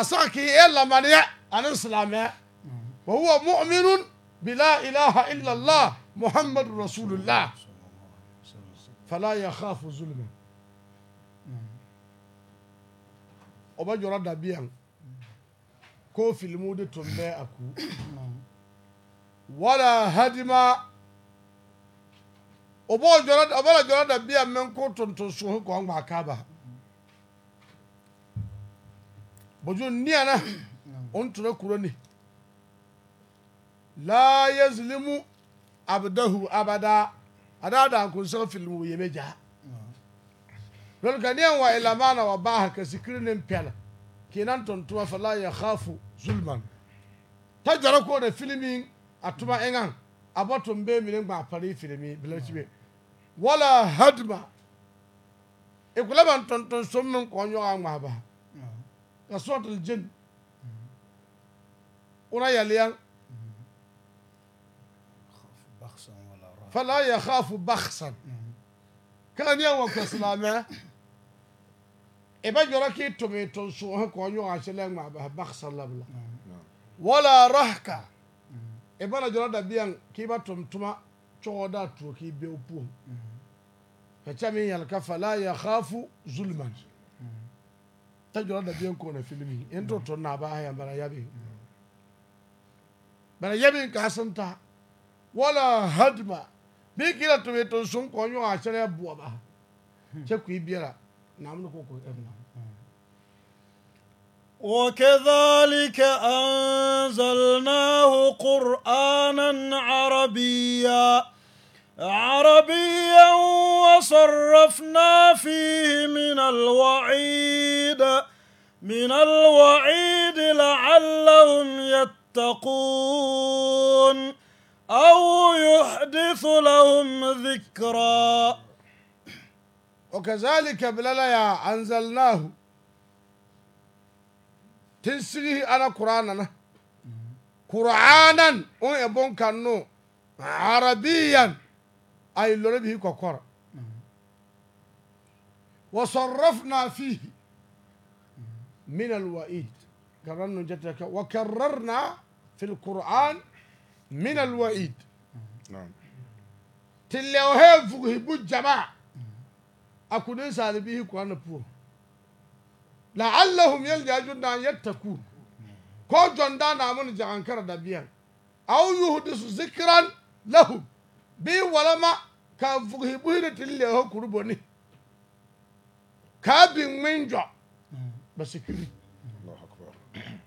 asaa kii ee lamaniya ane silamɛɛ mm-hmm. wa huwa mu'minun bi ilaha illa allah muhammadu rasulullah fala yakhafu zulma o ba dabiyan mm-hmm. ko filimu de tun bɛ mm-hmm. wala hadima obo jɔra obo da bia men ko tonton sohu kɔn ŋmaa kaaba bojú nia na mm. on tora kuro ni la yazlimu abdahu abada da daankun san filimu yeme jaa mm. lɔri ka nia wa ilamaana wa baaha ka sikiri ne pɛla kinan tontuma fa la ya khaafu zulman ta jɔra ko da filmin. atuma eŋaŋ a ba tum bee mine ŋmaa pare fere mi bilaki be wala hadma e kula ban tonton som meŋ kɔɔ nyɔge a ŋmaa ba ka sɔɔtil gyin una yɛliyaŋ fala yakhafu baksan kaa neɛ wa kpɛ silamɛ e ba jɔra k'i tumi tonsoŋ kɔɔ nyɔge a kyɛ lɛ ŋmaa ba baksan la bila mm. wala rahka e bala jɔla da biyan k'i ba tumtuma cɔgɔ da tuo k'i be o puom mm-hmm. ka ca min yɛl ka fa la yakhafu zulman mm-hmm. ta jɔla da biyan kona filimi en mm-hmm. to tɔn naa baa bara yabi bara yabi ka sun ta wala hadma bi kila tumi tun sun kɔnyɔ a sɛnɛ buwa ba hmm. cɛ k'i biɛra naamu ko ko ɛfna وكذلك أنزلناه قرآنا عربيا عربيا وصرفنا فيه من الوعيد من الوعيد لعلهم يتقون أو يحدث لهم ذكرا وكذلك بللا أنزلناه tinsiri ana qur'anana qur'anan on e bon kanno arabiyan ay lore bihi ko kora wa sarrafna fihi min alwa'id karanno jettaka wa karrarna fi lquran min alwa'id tillewo he fuguhi bu sa akunin saali bihi qur'ana puo la'allahum yaljajuna an yattaku ko jonda na mun ji ankara da biyan aw zikiran zikran lahu bi walama ka fughi buhira tilla ho kurboni ka bin minjo basikiri allahu akbar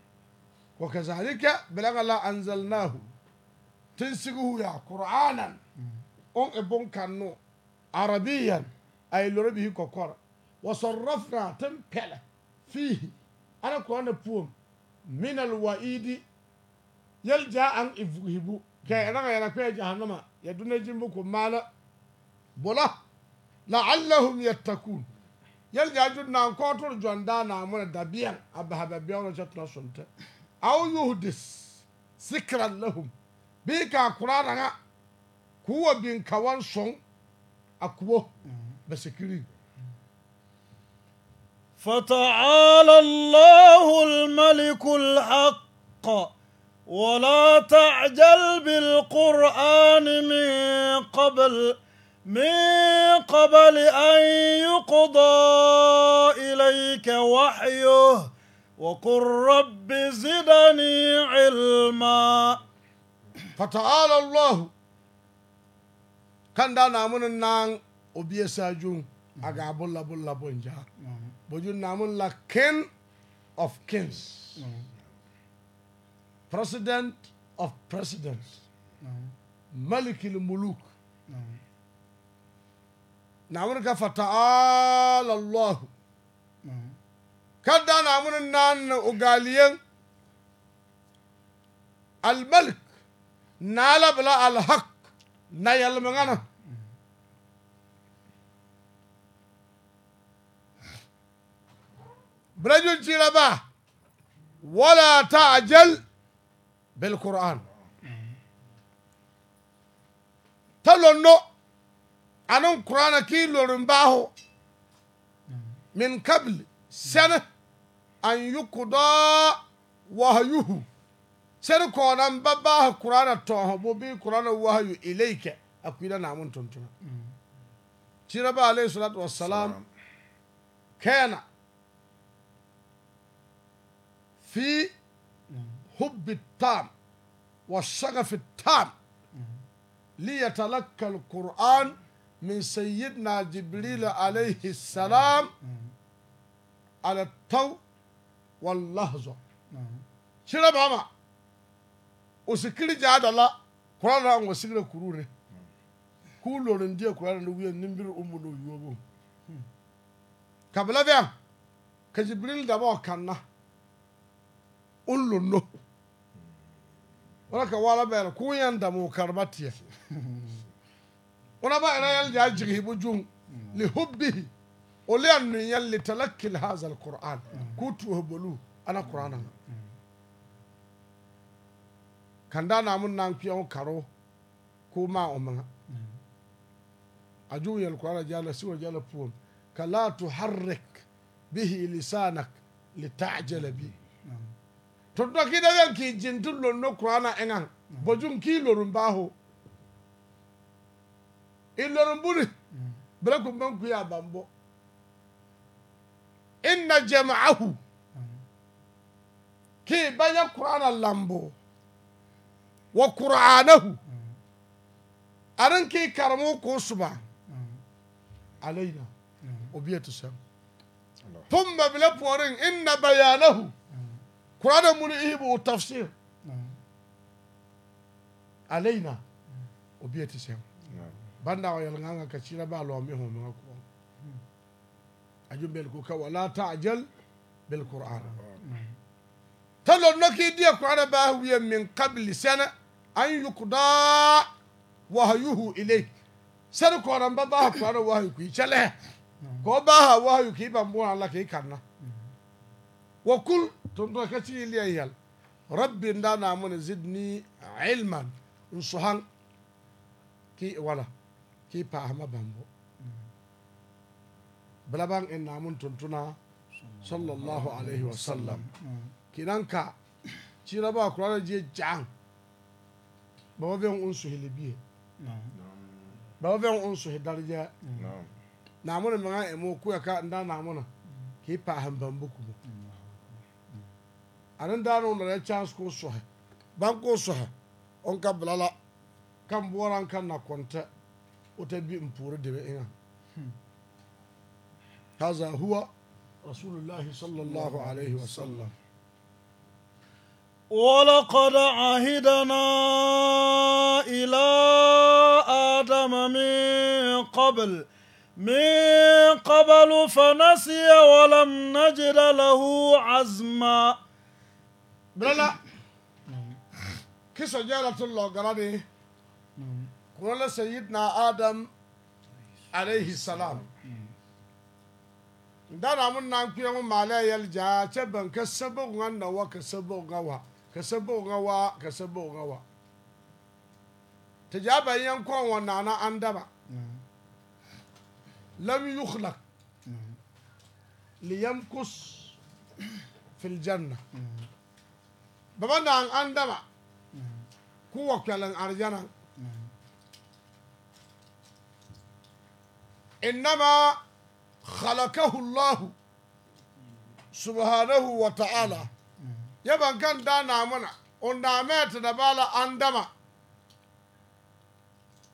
wa kazalika balagha la anzalnahu tinsigu ya qur'anan on ebon kanu arabiyan ay lorobi kokor wa sarrafna tampala fihi ana kona puom min alwaidi yel ja an ivuhibu kai raga yana kwe jahannama ya dune jimbu ko mala bola la'allahum na mun da biyan abahaba biyan cha tra sunta فتعالى الله الملك الحق ولا تعجل بالقرآن من قبل من قبل أن يقضى إليك وحيه وقل رب زدني علما فتعالى الله كان دانا من النان وبيساجون أقابل بلا بلا بنجار Bojunnamulla king of kings, mm-hmm. president of presidents, no. Mm-hmm. Malikil Muluk. Mm-hmm. No. namunka Allah kadda namun nan ugaliyan al-malik nala bla al-haq na yalmangana برجل جلباه ولا تعجل بالقرآن تلونو أنا القرآن كيلو رمباه من قبل سنة أن يقضى وهيه سنة كونان باباه قرآن توه بوبي قرآن وهي إليك أكيد نعمون تنتنا جربا عليه الصلاة والسلام كان fi hubbi tam wa shagafi tam li yatalakka alquran min sayyidina jibril alayhi salam ala taw wal lahza shira bama usikiri jadala qur'ana ngo sigira kurure kulorin dia qur'ana ndu yen nimbir ummu no yobo kabla bia ka jibril da ba kanna ullunno wala ka wala bɛɛr ku yãn dam fu karema tɩya wãna ba ẽna yɛl yaa jigsi bʋ jũm jun, hubbihi o le n nʋn yɛl li talakil haza alquran ku tuho bolu ana qurana ŋa kan daa naamu na n karo ku ma o maŋa a jũm yɛl qurana jaala siwa jaala puum ka la tuharrik bihi lisanak litacjala bihi tun do ki dagel ki jintul lon no kwana engan bojun ki lorun baho ilorun buri bere kun ban kuya bambo inna jama'ahu ki baya qur'ana lambo wa qur'anahu aran ki karamu ko suba alaina obiyatu sam thumma bila porin inna bayanahu قرآن منعيب تفسير علينا وبيتي سيو بنا ويلغانا كثيرا بالو ميهم أجل بالكوكا ولا تعجل بالقرآن تلو نكي دي قرآن باهوية من قبل سنة أن يقضى وهيه إليك سنة قرآن بابا قرآن وهيه كي شله قبها وهيه كي بمبوان لك كي كنا wa kul tumto ka ci liya yal rabbi nda na mun zidni ilman in su han ki wala ki fahama bambo balaban in mun tuntuna sallallahu alaihi wa sallam kinan ka ci raba kurana je jan ba wa un su hilibiye ba wa un su hidarja na mun mun ga emo ku kuma anan dano nana chance ko sohe banko sohe on ka bilala kan boran kan na konte ote bi mpuri debe inga haza huwa rasulullahi sallallahu alaihi wasallam ولقد عهدنا إلى آدم من قبل من قبل فنسي ولم نجد له عزما bilala kiso jalatun loogalani kuna la sayidna adam alaihi salam dana mun nan kuya mun mala yal ja ce ban ka sabo ngan na wa ka sabo ngawa ka sabo ngawa ka sabo ngawa ta ja ban yan kon wa nana an daba lam yukhlaq liyamkus fil janna baba naan andama ku wa kpɛlɛn arjana innama khalakahu llahu subhanahu wa ta'ala ya kan da namuna on da mata da bala andama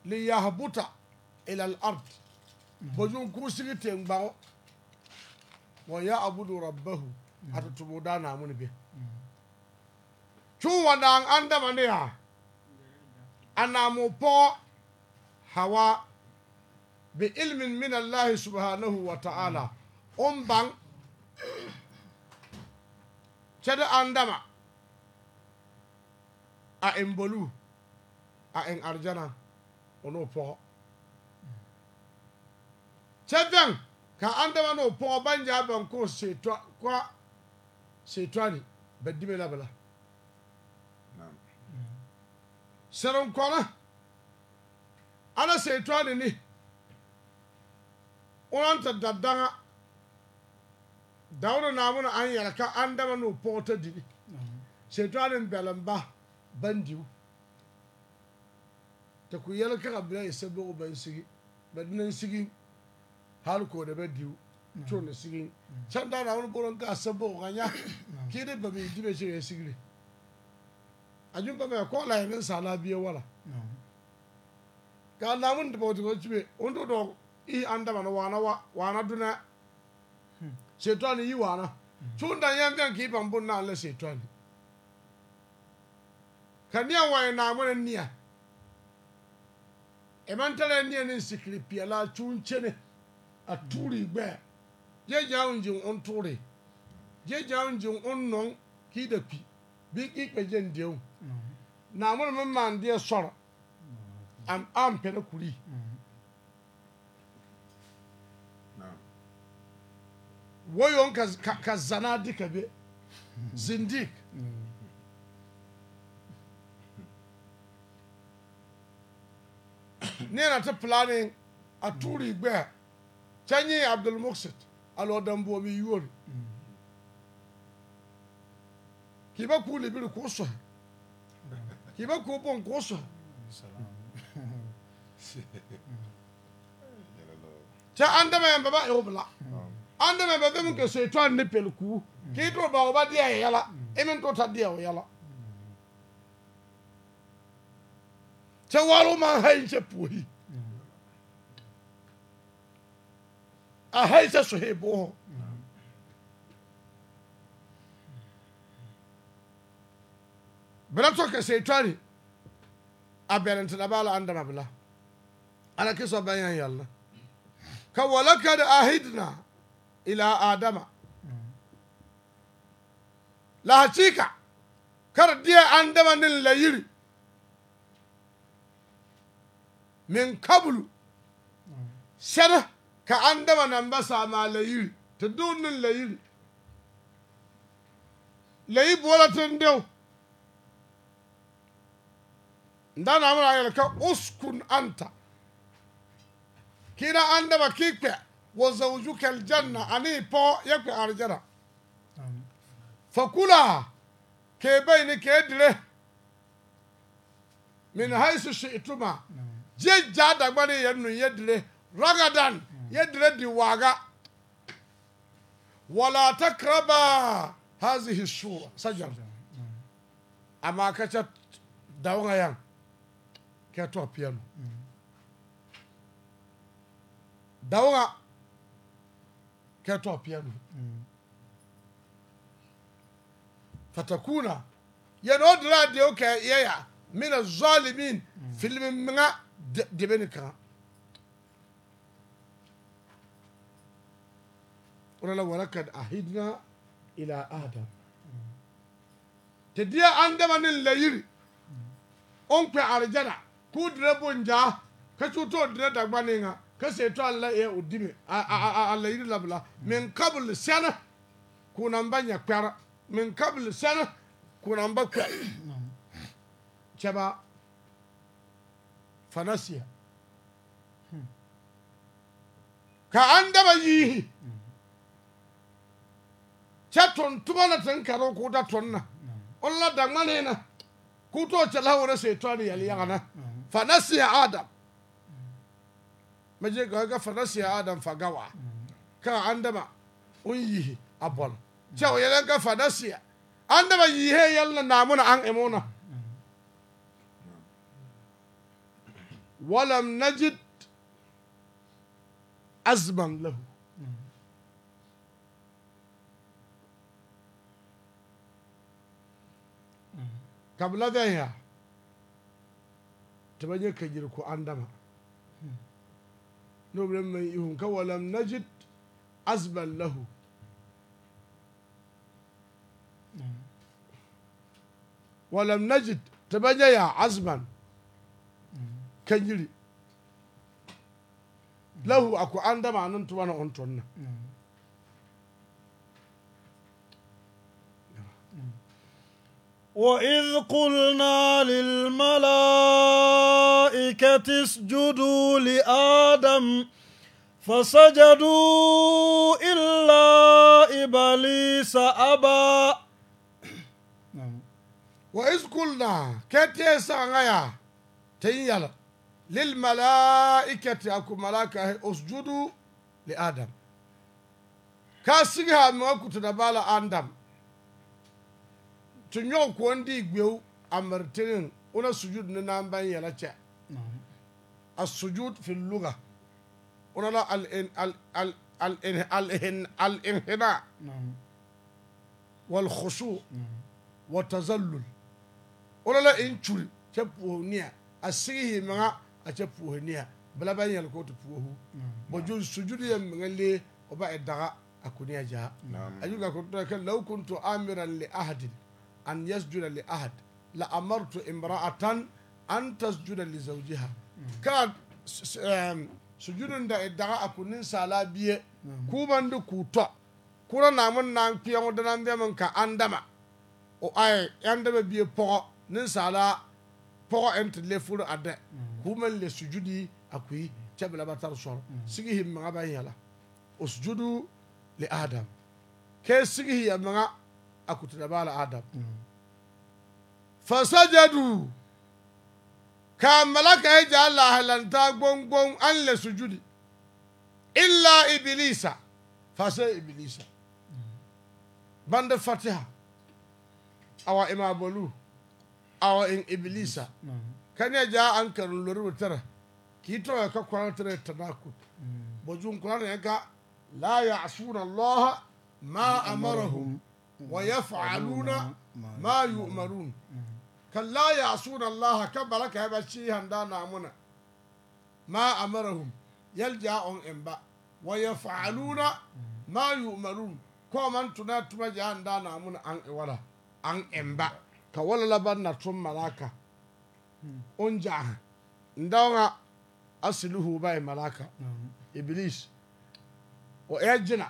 li yahbuta ila al-ard kusigi tengbawo wa ya abudu rabbahu atatubu da namun bi chuwadang anda mandia anamu po hawa bi ilmin min Allah subhanahu wa ta'ala umbang chada andama a bolu, a in arjana ono po chadan ka andama no po banja ban ko se to kwa se to ni badime la serenkɔla ana seetɔɔne ni onaŋ te da daŋa dawuro naawuni an yɛrɛ ka aŋ dama ni o pɔge ta dini seetɔɔne bɛlem ba baŋ diu te ko yɛle ka ka bila e sɛbɛgo ban sigi ba dinaŋ sigi hali ko da ba diu tone mm. sigi kyɛ daa naawuni boron ka a sɛbɛgo ka nyɛ mm. kii de ba mi dibe kyɛ ka sigire ajunka bɛ kɔ la yɛrɛ sa la bie wala ka laamu ti bɔti bɔti be on to dɔn i an dama na waana wa waana dunɛ setɔni yi waana tun da yɛn fɛn k'i ban bon n'an lɛ setɔni ka neɛ wɔn naa ŋmɛnɛ neɛ ɛmɛ ntɛnɛ neɛ ne sikiri peɛlaa tun a tuuri gbɛɛ yɛ gyaa o gyeŋ on tuuri yɛ gyaa o gyeŋ on nɔŋ k'i da kpi bi k'i kpɛ gyeŋ deɛw na ŋmene meŋ maŋ deɛ sɔre aŋ pɛnɛ kurii ka, ka, ka di ka e be zindik hmm. ne na te pelaa ne a tuuri gbɛɛ kyɛ nye abdulmuksit a lɔ dambuomi yuori hmm. k'i ba biri k'o sɔhe 你们果帮果树，是啊，呵呵呵，嗯，你那个，这安得嘛爸爸又不拉？安得嘛爸爸妈妈去四川那边去，去到巴乌巴地啊，哎呀啦，哎们土特产哦，呀啦，这我老蛮嗨，这不会，啊嗨，这水好。bela tɔka seitani a bɛrin ti daba an dama bila ala kisɔ bɛn yalla ka wala kad ahidna ila adama lahacika kar diɛ an dama ne layiri min kabulu sɛnɛ ka an dama nan ba sama layiri ta dun ne layiri layi bola tun dew ndana muna yalka uskun anta kina andaba kikpe wa zawjuka aljanna ani po yakpe arjana fakula ke dire. min haisu shi'tuma jejja dagbani yannu dire. ragadan yedile diwaga wala takraba hazihi shura sajar amma kaca yan. ke a tɔg peɛloo mm-hmm. dao ŋa ke a tɔg peɛloo mm-hmm. fatakuna yɛne o dera deo kɛ yɛya mina zalimin mm-hmm. filimi miŋa debe ni kaŋa ona la walakad ahidna ila adam te deɛ an dama ne la yiri on kpɛ arjana ku dire bonja ka su to dire dagba nga ka se to alla e udime a a alla yiri labla min kabul sana ku nan banya kwara min kabul sana ku nan ba kwara chaba fanasia ka an daba cha ton tontoma na teŋ karo k'o da tonna o la daŋmane na kuto t'o kyɛ lahore see tɔ fanasiya adam maje ga ga fanasiya adam fagawa kan an dama unyi abol cewa yalan ga fanasiya an dama yihe yalla namuna an imuna ولم نجد عزما له قبل ذلك tɩba yẽ ka yir ku andama nob rẽ me ihum ka walam najid azban lahu walam najid tɩba yẽ yaa azban ka yiri lahu a ku andama a nin tʋma na õn tõnna mm. وإذ قلنا للملائكة اسجدوا لآدم فسجدوا إلا إبليس أبى وإذ قلنا كتي سانغيا تيالا للملائكة أكو ملائكة اسجدوا لآدم كاسيها موكو تنبالا آدم tɩ yau kõon dɩɩ gbeu a mir teŋeŋ wʋna sujud ni na n ban yɛla kyɛ a sujud fi luga wʋna la al inhina walkhusu wa tazallul wʋna la n kyuri kyɛ puosi nia a sigisi meŋa a kyɛ puosi nia bɩ la ban yɛl ko tɩ puosu ba jun sujud yɛ meŋa lee o ba e daga a kuniya jaa a yuga ko tɔ kɛ law kuntu amiran li ahadin an yasjuda li ahad la amartu imra'atan an tasjuda li zawjiha ka sujudun da daga akunin sala biye ku bandu ku to kura na mun na kiyan da nan be mun ka andama o ay dama biye pogo nin sala pogo ent le furu ade ku men le sujudi akui ba batar sor sigi himma ba yala usjudu li adam ke sigi ya akutudabala adam fasajadu ka malaka ya ji Allah halanta gbongbon an le sujudi illa ibilisa Fasai ibilisa banda fatiha awa imabolu awa in ibilisa kan ya ja an karin lori wutar ki to ya ka tare ta naku bojun kwanar ya ka la ya asuna Allah ma amarahum wa yaf'aluna ma yu'marun kalla ya'suna Allah kabara ka ba shi handa namuna ma amarahum yalja'un in ba wa yaf'aluna ma yu'marun ko man tuna tuma ja handa an iwala an in ba ka wala laban na tun malaka unja ndawga asluhu bai malaka iblis o ejina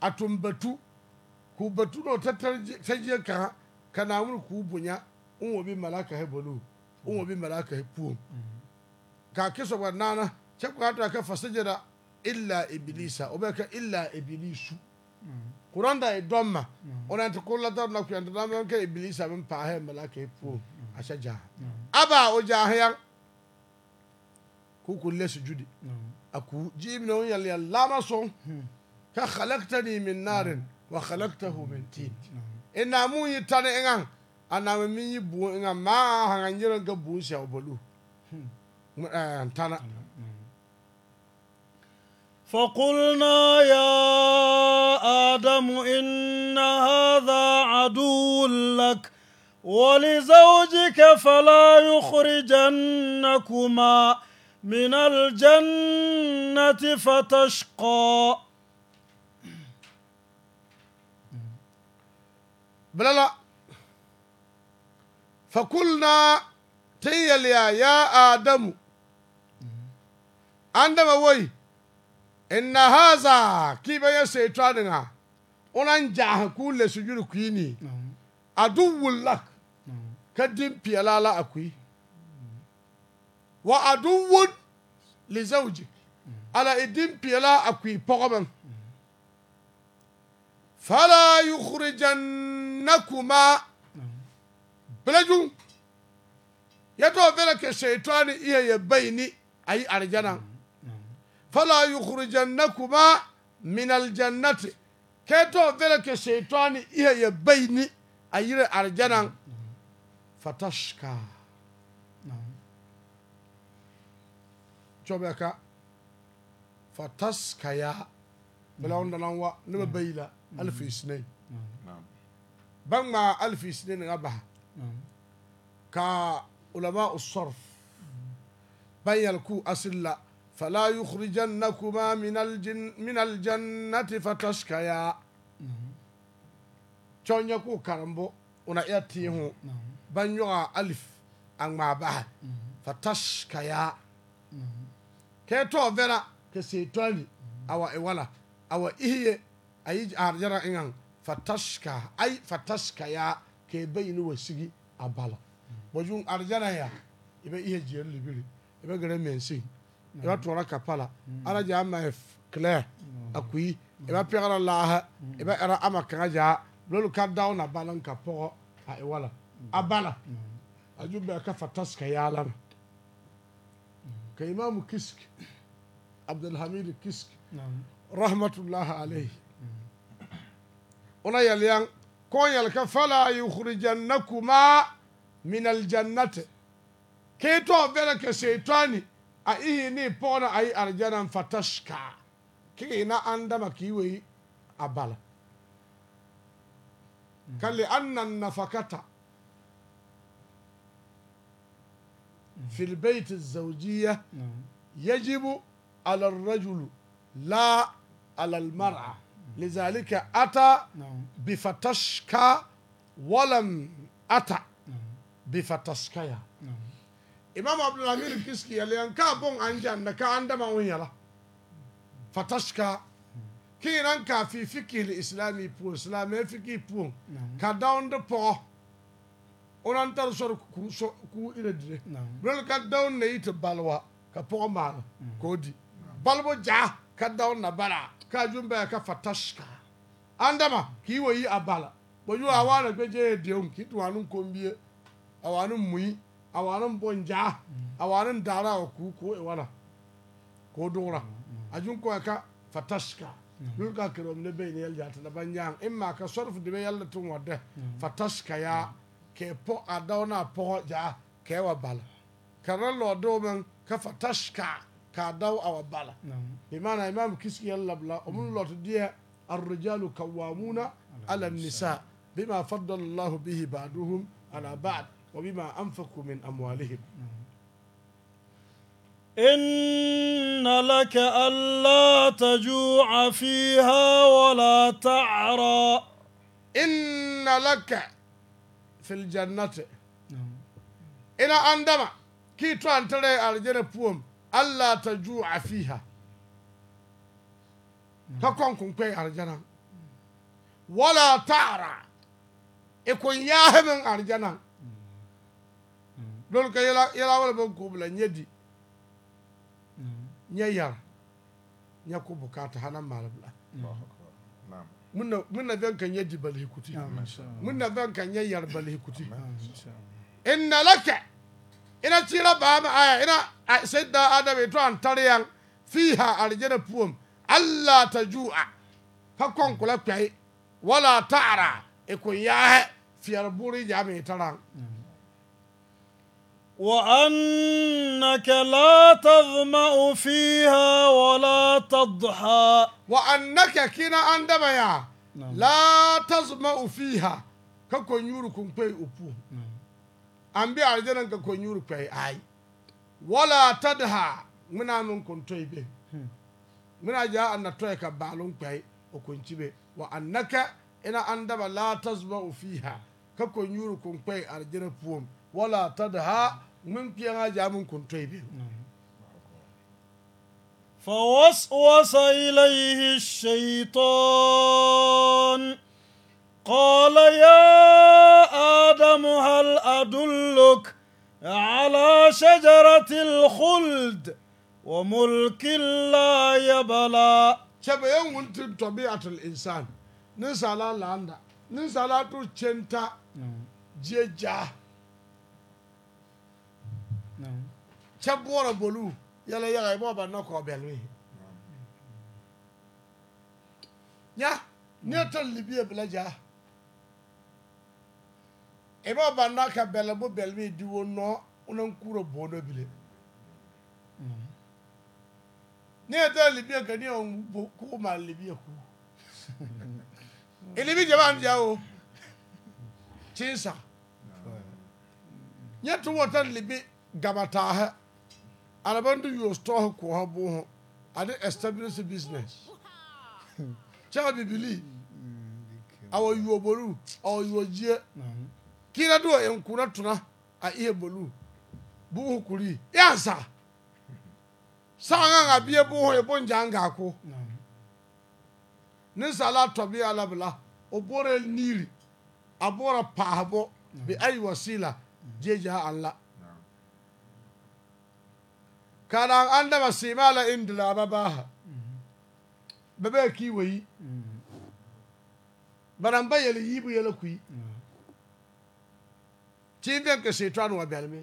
atumbatu k'u batuno ta tarje ka ka namur k'u bunya n wo bi malaka he bolu n wo malaka he puom ka kiso wa nana ce ku ta ka fasajada illa iblisa o be ka illa iblisu kuran da idoma ona ta kula da na kuyan da man ka iblisa bin pa he malaka he puom a shaja aba o jahiyan ku kulle sujudi aku jibna on yalla lama lamason ka ni min narin وخلقته من تين نعم. ان مو يتاني إنغان أنا من بو إنغان ما هنغان يرنغ بوسيا وبلو نعم. آه، تانا نعم. فقلنا يا آدم إن هذا عدو لك ولزوجك فلا يخرجنكما من الجنة فتشقى بلا لا فقلنا تيل يا يا آدم عندما وي إن هذا كيف يسيطاننا onan jaha kule sujuru kwini aduwul lak kadin piyalala akwi wa aduwun li zawji ala idin piyala akwi pogman fala yukhrijan na innakuma bilaju yato vela ke shaitani iya ya baini ayi arjana fala yukhrijannakuma min aljannati keto vela ke shaitani iya ya baini ayire arjana fatashka cobeka fataskaya bila onda nan wa nima bayila alfi isnai ban ma alfi sinin nga ba ka ulama usurf ban yalku asilla fala yukhrijannakuma min aljin min aljannati fatashkaya chonya ku karambo una yati hu ban yuwa alif an ma ba fatashkaya ke to vera ke se tani awa ewala awa ihiye ayi arjara ingang fatashka ai fatashka ya ke bayini wasigi abala bojun arjana ya ibe ihe jiyar libiri ibe gare mensin ibe Tuwara kapala ana ja ma f clear akuyi ibe pegara laha ibe era ama kanga ja lolu ka daw na balan ka pogo a iwala a abala aju be ka fatashka ya lama ka imamu kisk abdulhamid kisk rahmatullahi alayhi ona yalyan koyal ka fala yukhrijannakuma min aljannate keto vela ke seitani a ihi ni pona ayi arjanan fatashka kiina andama kiwei a bala mm. ka lianna nafakata في البيت الزوجية يجب على الرجل لا على المرأة lizalika ata bi fatashka walam ata bi fatashkaya imam abdulhamid kiski yali an ka bon an jan na ka an dama fatashka kinan ka fi li islami pu islami fiki pu ka down the poor onan tar sor so ku ire dire bro ka down ne it balwa ka poor k'o kodi balbo ja dawo na bala ka jumba ka fatashka andama ki wo yi abala boju awana gbeje deum ki tu anun kombie awanun muyi awanun bonja awanun dara ku ko e wala ko dora ajun ko ka fatashka yul ka kirom ne be ne yal jata da in ma ka sarfu de be yalla tun wadda fatashka ya ke po adaw na po ja ke wa bala karan lo do men ka fatashka كادو أو بالا بمعنى إمام كيسكي اللبلا ومن الله تديه الرجال كوامون على النساء بما فضل الله به بعضهم على بعض وبما أنفقوا من أموالهم إن لك ألا تجوع فيها ولا تعرى إن لك في الجنة إن عندما كي ترى الجنة Allah ta ju'a fiha kakon kun kwe arjana wala tara ikun ya hebin arjana dole ka yela yela wala ban ko bula nyedi nyayar ya ko bukata hanan malabla munna munna ban kan yedi balhi kuti munna ban kan yayar balhi kuti inna laka ina cira baama aya ina sayidina adam ito an tariyan fiha aljana puom alla ta ju'a ka kɔnkɔla kpɛi wala taara e ko yaahɛ fiyɛri buuri jaami taran. وأنك لا تظمأ فيها ولا تضحى وأنك كنا عندما يا لا تظمأ فيها ككن يوركم كي أبوه an bi arjanan ka kon yuru kwai ai wala tadha muna mun kun toy be hmm. muna ja na toy ka balun kwai o kun cibe wa annaka ina an daba la tasba fiha ka kon yuru kun kwai arjana puom wala tadha mun piyan ja mun kun toy be hmm. wasa إليه shaitan. قال يا آدم هل أدلك على شجرة الخلد وملك لا يبلى شبه يوم طبيعة الإنسان نسأل الله عنها نسأل الله تشنتا جيجا شبورة بلو يلا يلا يبابا نكو بلوه يا نيتا اللي بيه بلا جاه eba ba na ka bɛlɛ bo bɛlɛ mi di wo nɔ ona kuro bo no bile ne yɛ tɛrɛ libia ka ne yɛ bo ko ma libia ko elibi jama n bia o kyensa nyɛ to wɔ tɛrɛ libi gaba taa hɛ araba n de yuo stɔɔ ko ha bo establish business kyɛ bibilii awɔ yuo boru awɔ yuo jie. kila do yankuna tuna a iya bolu buhu kuri ya sa sanga nga biye buhu ya bon janga ko ne sala tobi ala bla o niri a bora pahabo bi ayi wasila mm. jeja alla kana an dama simala indila babaha mm-hmm. bebe ki wayi mm-hmm. baran bayele yibu yele kuyi mm -hmm. Ti Tidigen que Satan wa belmi.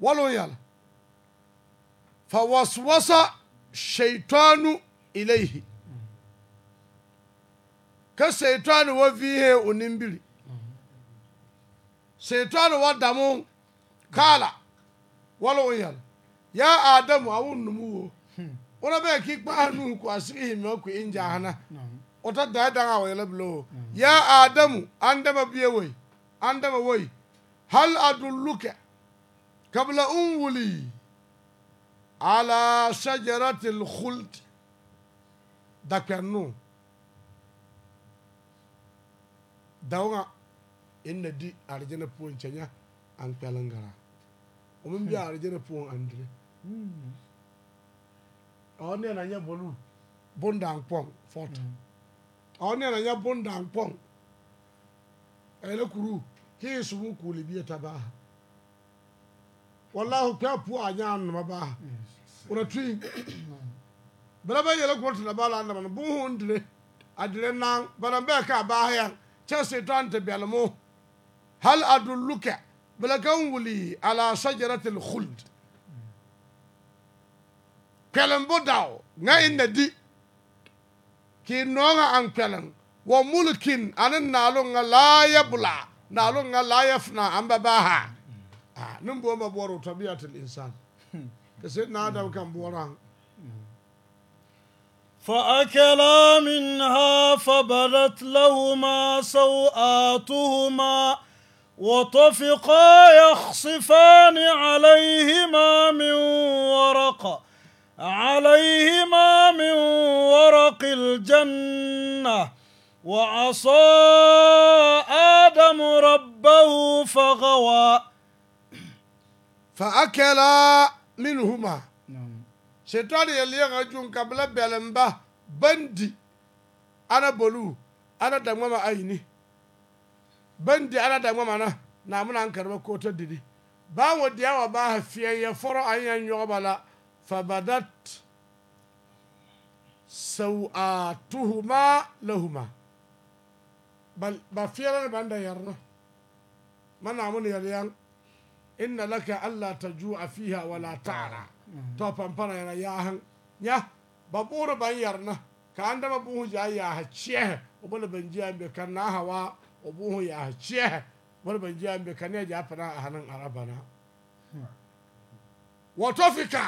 Walon yala. Fawaswasa shaitanu ilaihi. Ka Satan wa vihe unimbili. Satan wa damu kala. Walon yala. Ya Adamu awun numuwo. Wana bẹ́ẹ̀ kí gbáhánú kò àsìkò ìhìnmọ́ kò ń jà hánà. No. ota da da awa yala bilo ya adamu andama biye wai ma wai hal adulluka kabla unwuli ala shajaratil khuld dakpernu dawga inna di arjana puon chanya an O mun bi arjana puon andre awon hmm. ne na nya bolu bonda an pom fota mm. ɔwɔ ne yɛrɛ nyɛ bondankpɔn ɛyɛrɛ kuru hii sumu kuuli bie ta baa wallahu kpɛ puo a nyɛ a ba, baa wɔna tui bɛrɛ bɛ yɛlɛ kuru tena ba la a nama no bonhun dire a dire naan bana k'a ba baa yɛn kyɛ seetan te bɛlɛ mo hal adulluka bɛlɛ kan wuli ala sajaratil khuld kpɛlɛn bo daw ŋa in na di ki kinonga ankpelan wo mulkin nalo anin naalunga laa yabla naalunga laa yafna amba baaha bo ma boro tabiatul insan ke se na da kan boran فأكلا منها فبدت لهما sawatuhuma وطفقا يخصفان عليهما من ورقه عليهما من ورق الجنة وعصى آدم ربه فغوى فأكلا منهما شيطان يلي غجون قبل بلنبا بندي أنا بلو أنا دمما أيني بندي أنا دمما أنا نعمل أنكر كربا كوتا دي باو دياوا باها فيا يفرع أن ينيغبا لا fabadat سوآتهما لهما بل بفيرا باندا يرنا من عمون يريان إن لك ألا تجوع فيها ولا تعرى توبا مبانا يرا ياهن يا بابور بان يرنا كان دم بوه جاي يا هتشيه وبل بنجيان بكنا هوا وبوه يا هتشيه وبل بنجيان بكنا جابنا أهنن عربنا وتوفيكا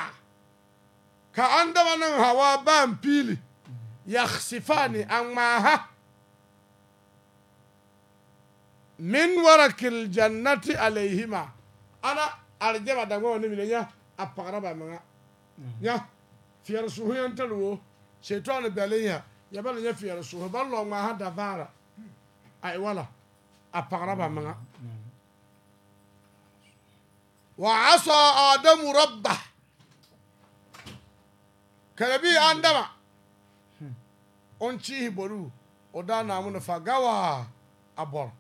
ka an dama nan hawa ban fili ya sifani an maha min warakil jannati alaihima ana arjama da wani ne ya a pagara ba manga ya fiyar suhu yan tarwo shaitan belin ya ya bala ya fiyar suhu ban lo ma da fara ai wala a pagara ba manga wa asa adamu rabbah karabi an dama on cihi boru o da namu na fagawa a bor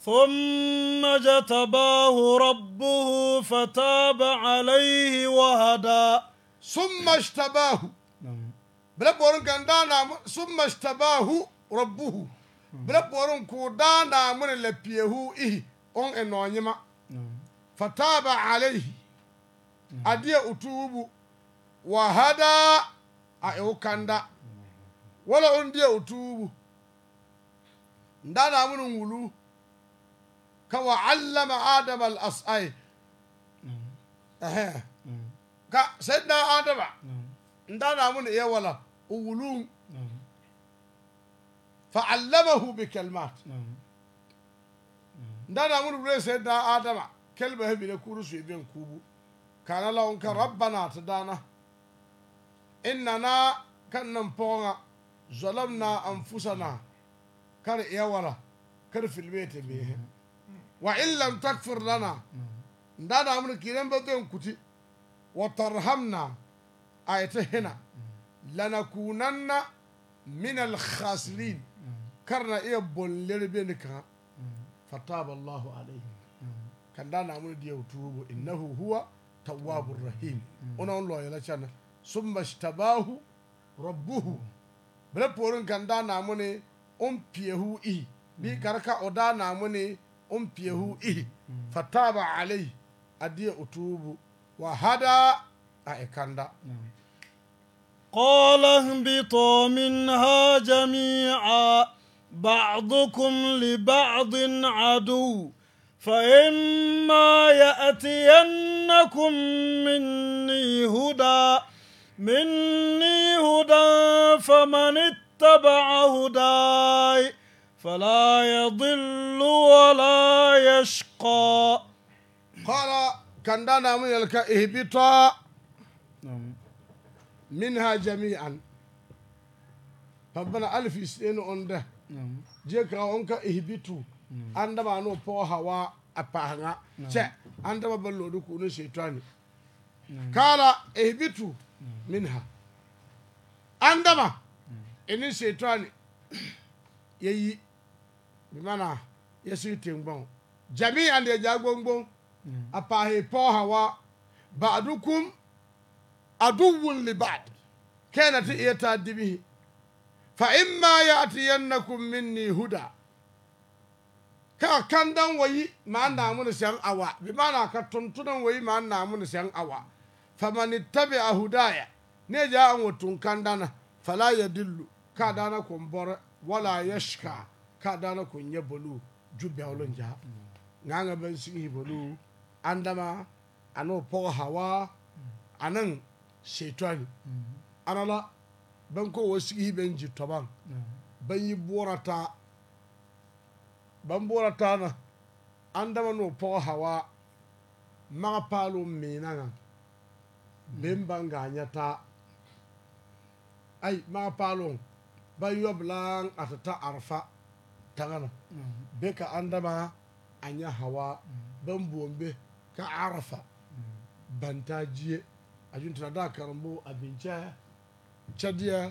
ثم جتباه ربه فتاب عليه وهدى ثم اجتباه بلا بورن كان دانا ثم اجتباه ربه بلا بورن كو دانا من لبيه إيه أون إنو فتاب عليه adiya utubu wahada hada a eukanda wala on diya utubu ndana mun wulu ka wa allama adama al asai ka sayyidina adama ndana mun iya wala wulu fa allamahu bi kalmat ndana mun wulu sayyidina adama kelba hebine kuru su ibn kubu kana la ka mm. rabbana ta dana innana kannan na zalamna anfusana kar yawara kar ta be mm. wa in lam takfir lana mm. ndana mun kiran baben kuti wa tarhamna ayata hina lanakunanna min alkhasirin karna iya bolleri ne kan fataba allahu alayhi kan dana mun diya tubu innahu huwa tawwabur rahim ona on loyala chana summa shtabahu rabbuhu bla porin ganda namune on piyehu i bi karka oda namune on piyehu i fataba alai adiya utubu wa hada a ikanda قال اهبطوا منها جميعا بعضكم لبعض عدو فإما يأتينكم مني هدى مني هدى فمن اتبع هداي فلا يضل ولا يشقى قال كندانا من الكهبطا منها جميعا ربنا ألف سنين عنده جيكا عنك اهبطوا an daba no pɔɔ hawa a paŋa kyɛ an daba ba loodi k'o ne seetɔne kaara ehibitu minha an daba ene seetɔne yayi mana yɛsi tengbɔn jami an deɛ gyaa gbongbong a pahe pɔɔ hawa baadukum aduwun libaad ba'd na te eɛ taa dibihi fa imma yaatiyannakum minni huda ka kandan wayi ma na ni san a bi ma na ka tuntunan wayi ma na ni san awa wa famani tabi a hudaya ne ja an wutun kandana fala ya dillu ka dana kun bɔrɛ wala ya shika ka dana kun ya bulu ju bɛwlin ja ŋa ŋa ban sigi bulu andama ani po pɔgɔ hawa anan shetani mm-hmm. ana la ban ko wa sigi ban ji toban mm-hmm. ban yi borata ban boɔrɔ andama no an dama ni pɔgɔ Hawa, maga paaloŋ meena ŋa gaa taa ai maga paaloŋ ba yɔb atata a te ta arefa taŋa na be ka an dama a nyɛ hawaa ban boɔm be ka arefa bantaa gyie a yuŋ karambo a biŋ kyɛ kyɛ deɛ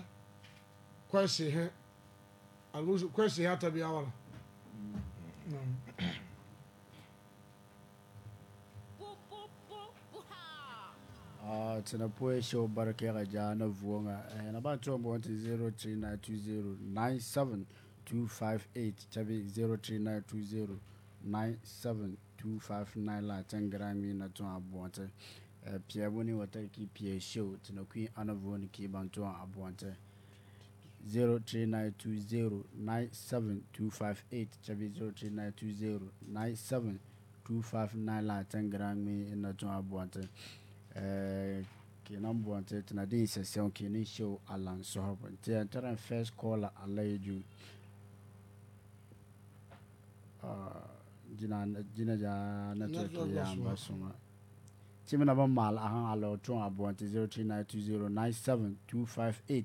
a a Ah, tsina poe show barakega ja na vuonga eh, na ba tsombo wanti 0392097258 chabi 0392097259 la tsangrami na tsoma abuante eh, pia buni wata ki pia show tsina kui ana vuoni ki ban tsoma abuante 0392097258 tàbí 0392097259 láàtẹ́n gírámì iná tún ke kenan buwante tana din ke kenan show alan sohobin ta yantaran first caller alayeju ah, jina jina ja na turkey ya ba su ma ci mina ban ma'al a han alawatun abuwante 0392097258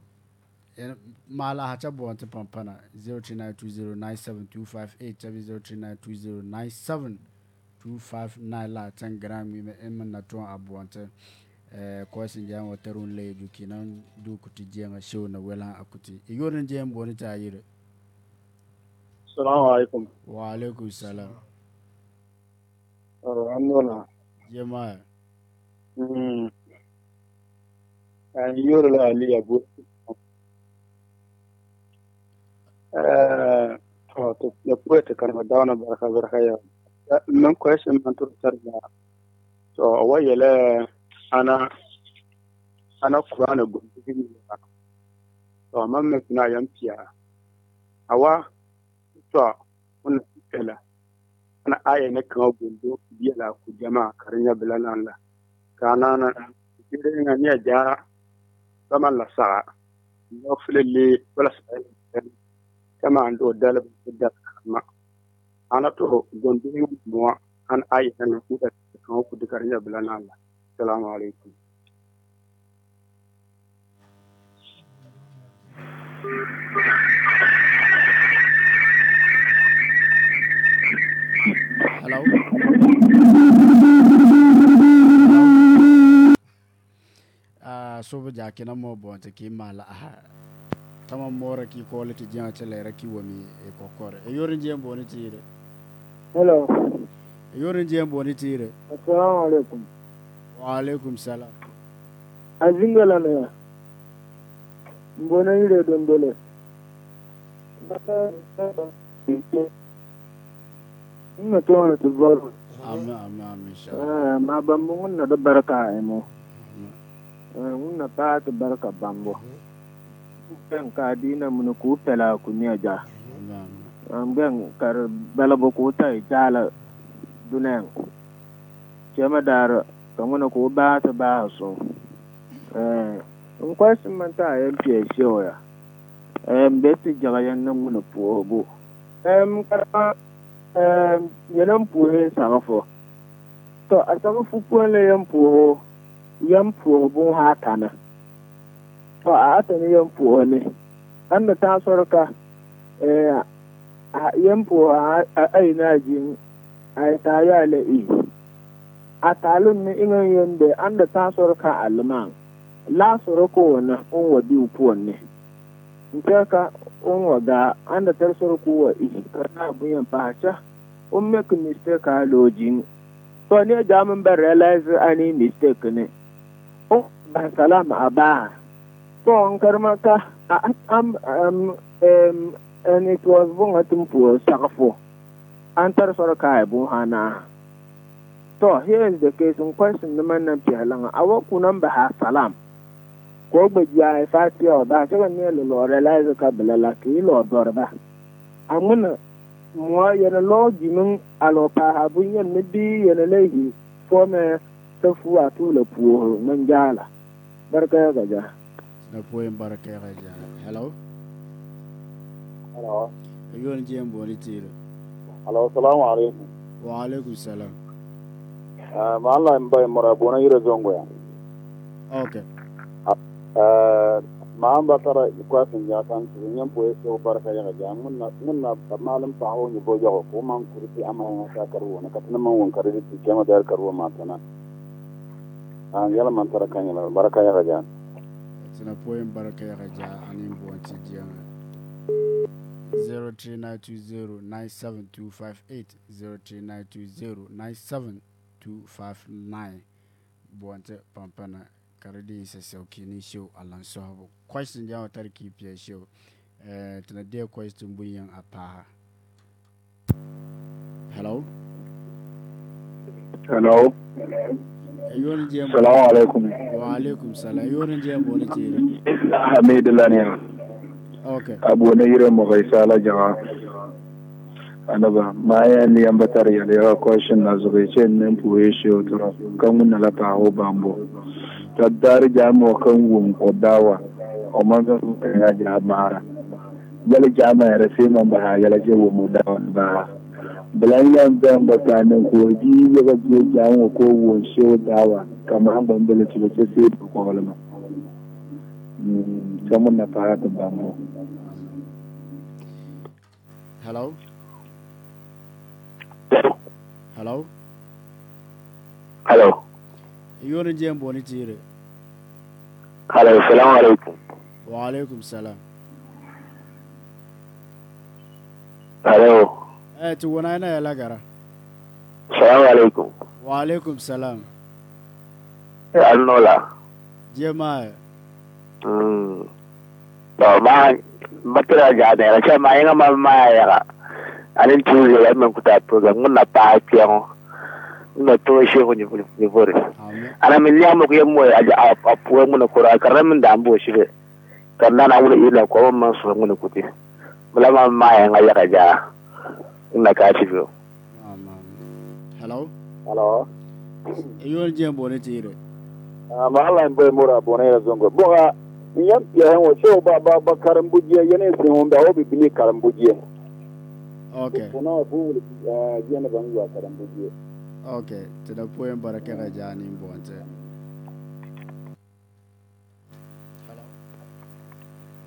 mala hacha bonte pampana 0392097258 0392097259 la tan grami me emma na ton abonte eh kwasin jam watarun le duki nan du kuti jenga show na wela akuti e yoren jem boni ta yire assalamu alaikum wa alaikum salam an nuna jema mm an yoro la ali abu yakuwete eh, oh, kan madawna baraka barakaya min question man tur tarja to wayele ana ana qur'ana gundin to man me suna yan piya awa to mun kala ana aya ah, ne kan gundo biyala ku jama'a karinya bilanan la kana na kire nga niya jara sama la sa'a yo filele wala sa'a kama an do dalb ma ana to gon dum mo an ay tan kuda kan ku dikar nya bilana Allah assalamu alaikum Hello. Uh, so ja kina mo bon te ki mala tama mora ki ko leti jian chele raki wami e kokore e yorin jien boni tire hello e yorin jien boni tire assalamu alaikum wa alaikum salam azingala ne mbona ile dondole ina to na tubaru amma amma amma ah, ma bambo na da barka e ai eh, ta barka bambo gbɛŋ ka a diina mini ka o pɛla ku nɛja gbɛŋ ka di balibu ka o ta jaala dunɛŋ chɛma daari ka ŋuna ka o baa ti baahi suŋ eh, n kwalisi man ta a yɛn piɛ shɛwaya n bɛ ti jaga yɛn niŋ ŋuni puhibu karima yɛn n puhi sagifu to a sagifu puhili yɛn puhibu yɛn puhibu ha tani to a atani yampu ne anda ta sorka eh, yan yampu a aina jin yi ta ya le i atalun ni ingan an anda ta sorka alman la soroko na on biyu upu ne ntaka ga an anda tar soroko wa i abu yin pacha un make mistake a lojin to ne jamun ban realize ani mistake ne on ban salama ba. kɔnkaremaka am um, um, and it was bunga tumpu sakafo antar sor kai bu hana here is the case in question the man nan pihalanga awa kunan ba ha salam ko gbeji ai fati o da se ne lo lo realize ka belala ki lo dorba amuna mo yana lo jimin alopa ha bun yan ne bi yana lehi fo me tafu atu le puo manjala barka ga ja na poem barakaya jana hello hello ayo ni jiyan boni tiro hello assalamu alaikum wa alaikum salam uh, ah, ma Allah in mara bona yira zongo okay uh, ah, ah, ma an ba tara kwasin ya kan su nyan poe so barakaya jana mun na mun na malum pa ho ni ko man amana ka karwo na man won ti ma tana an yala man tara kan yala Sina poyin barka ya gaja a nin buwanci jiyan 0392097258 0392097259 buwanta pampana kardi isa sauki ni show a sahabu question jawo tarki piya show eh tana dia question bunyan apaha hello hello, hello. yorin je salamu alaikum wa alaikum salam yorin je bo ne ce hamidullah ne ok abu ne yire mo kai sala jama anaba maya ni ambatar ya le ko shin na zuga ce nan puye shi otoro kan mun la pa ho bambo taddar jamo kan wun kodawa o man ga ya jama'a jale jama'a ya sai man ba ya le je wo mu dawa ba da bulanyanga bakana koji yagagiye jango ko wonshe dawa kamar kama hamba mbele chiba chese kwa walama chama na fara parata bango hello hello hello yoro jembo boni tire hello salamu alaikum wa alaikum salam hello ትወናይና ያላጋራ salamu alaikum wa alaikum salam eh annola jema mm ba ma matira ga ne ra cha mai na ma ma ya ra anin tu ya men kuta program mun na pa ti on na to she ko ni ni bore ana min ya mo ko yemmo a a puwa mun ko ra karam min da ambo shi be kan na na wala ila ko man so mun kuti bala ma ma ya ga ya ga nakaa Hello. Hello. Iyo je mbone tire. Ah yene se honda o bi bini karambujiye. Okay.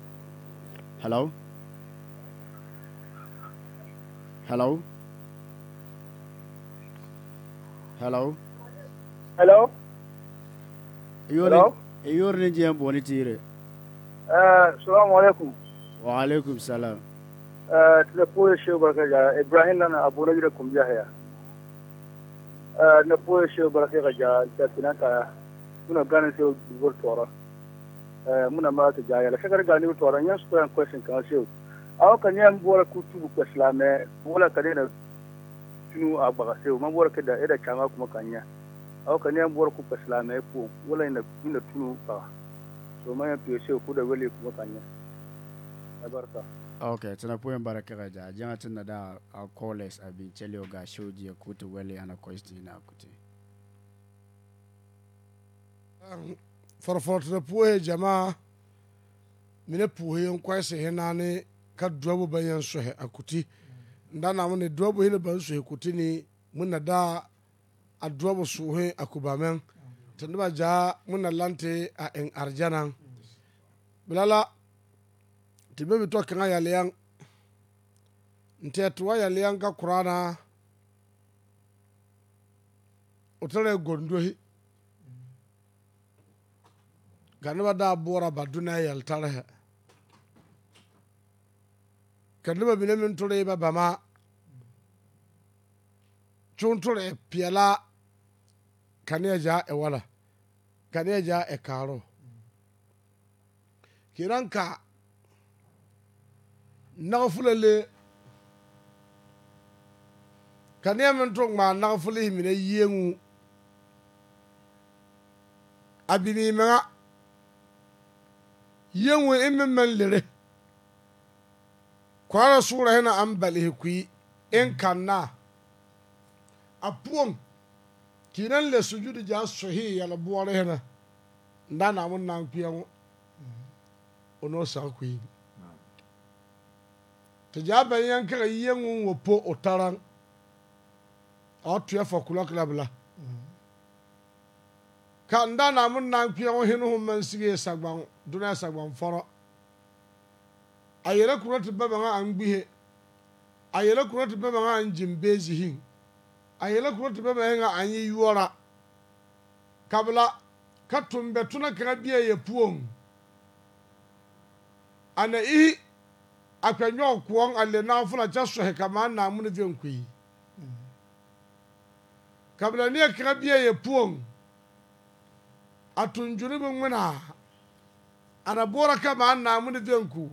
Ah, Hello. Hello? Hello? Hello? Hello? Iyori ni jiyan boni tire. Uh, salamu alaikum. Wa alaikum salam. Uh, Tunapoye shehu barakaja. Ibrahim nana abu na jira kumja haya. Uh, Napoye shehu barakaja. Tatinaka. Muna gane shehu bor tora. Uh, muna mara ta jaya. La shakar gani bor tora. Nyan su koyan question kan shehu. aw ka ɲɛ bɔra k'u tubu ka silamɛ wala ka ne na tunu a bagase o ma bɔra k'e da e da caman kuma ka ɲɛ aw ka ɲɛ bɔra k'u ka silamɛ ko wala ina ina tunu ka so man ya piyese k'u da wale kuma ka ɲɛ abarka ok tana poyen bara kaga ja janga tana da a koles abin chele ga shoji ku to wale ana koisti na kuti um, farfarta poye jama'a mine poye yon kwaise hinane ka duwabu ban yan sohe a kuti nda na mu ne duwabu hili ban sohe kuti ni muna da a duwabu sohe a kubamen ta nuba ja muna lante a en arijana bilala ti be bi to kaŋa yaliyaŋ nte tuwa yaliyaŋ ka kurana o gondo gondohi ka noba da boɔra ba dunaa yeltarhe ka noba mine meŋ tore ba bama kyɔŋ tore e peɛlaa ka neɛ zaa e wala e ka neɛ zaa e kaaroo kenaŋ ka nagefulɔ lee ka neɛ meŋ tɔŋ ŋmaa nagefulihi mine yieŋuu a bini meŋa yieŋuu en meŋ maŋ lere kwara sura hena an balihikui in kanna a puon kinan le sujudu ja sohi yala buwar hena nda na mun nan kuyan ono sa kuyi ta ja ban yan kaga yiyen wo po otaran a tuya fa kula kula bla ka nda na mun nan kuyan hinu hun man sige sagban duna sagban foro a yɛlɛ korɔ te ba baŋa aŋ gbihe a yɛlɛ korɔ te ba baŋa aŋ gyeŋ beezihiŋ a yɛlɛ korɔ te ba baŋa ŋa aŋ yi yuɔra ka bela ka tombɛ tona kaŋa bie yɛ puoŋ a na ihi a kpɛ nyɔge kõɔŋ a le naao fo kyɛ sohi ka maa naamune veŋ kpei ka bela neɛ kaŋa bie yɛ puoŋ a tuŋ gyuri meŋ ŋmenaa a na boɔrɔ ka maa naamune veŋ ko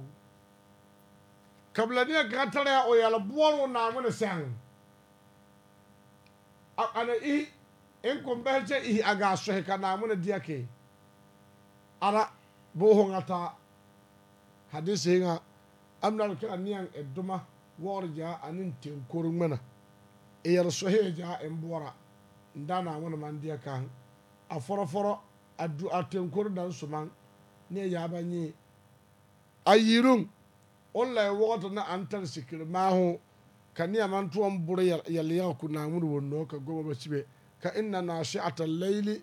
kabilania gratare o yɛlɛ boɔroo naaŋmene sɛŋ a ana ihi in kun bɛhi kyɛ ihi a gaa sɔhi ka naaŋmene deɛ ke ara boho ŋa taa hadisee ŋa amnare kɛ a neɛŋ e duma wɔgre gyaa ane tenkori ŋmena e yɛre sɔhee gyaa in boɔra n daa naaŋmene maŋ deɛ kaŋ a fɔrɔfɔrɔ a du a tenkori daŋ sumaŋ ne yaa ba nyee a yiiruŋ wala wagd na an tar sikiri ho ka niɛma n tʋɔm bʋrɛ yɛlɩɛga ku naaŋmud wonno ka goma ba sibe ka inna naasiata laili,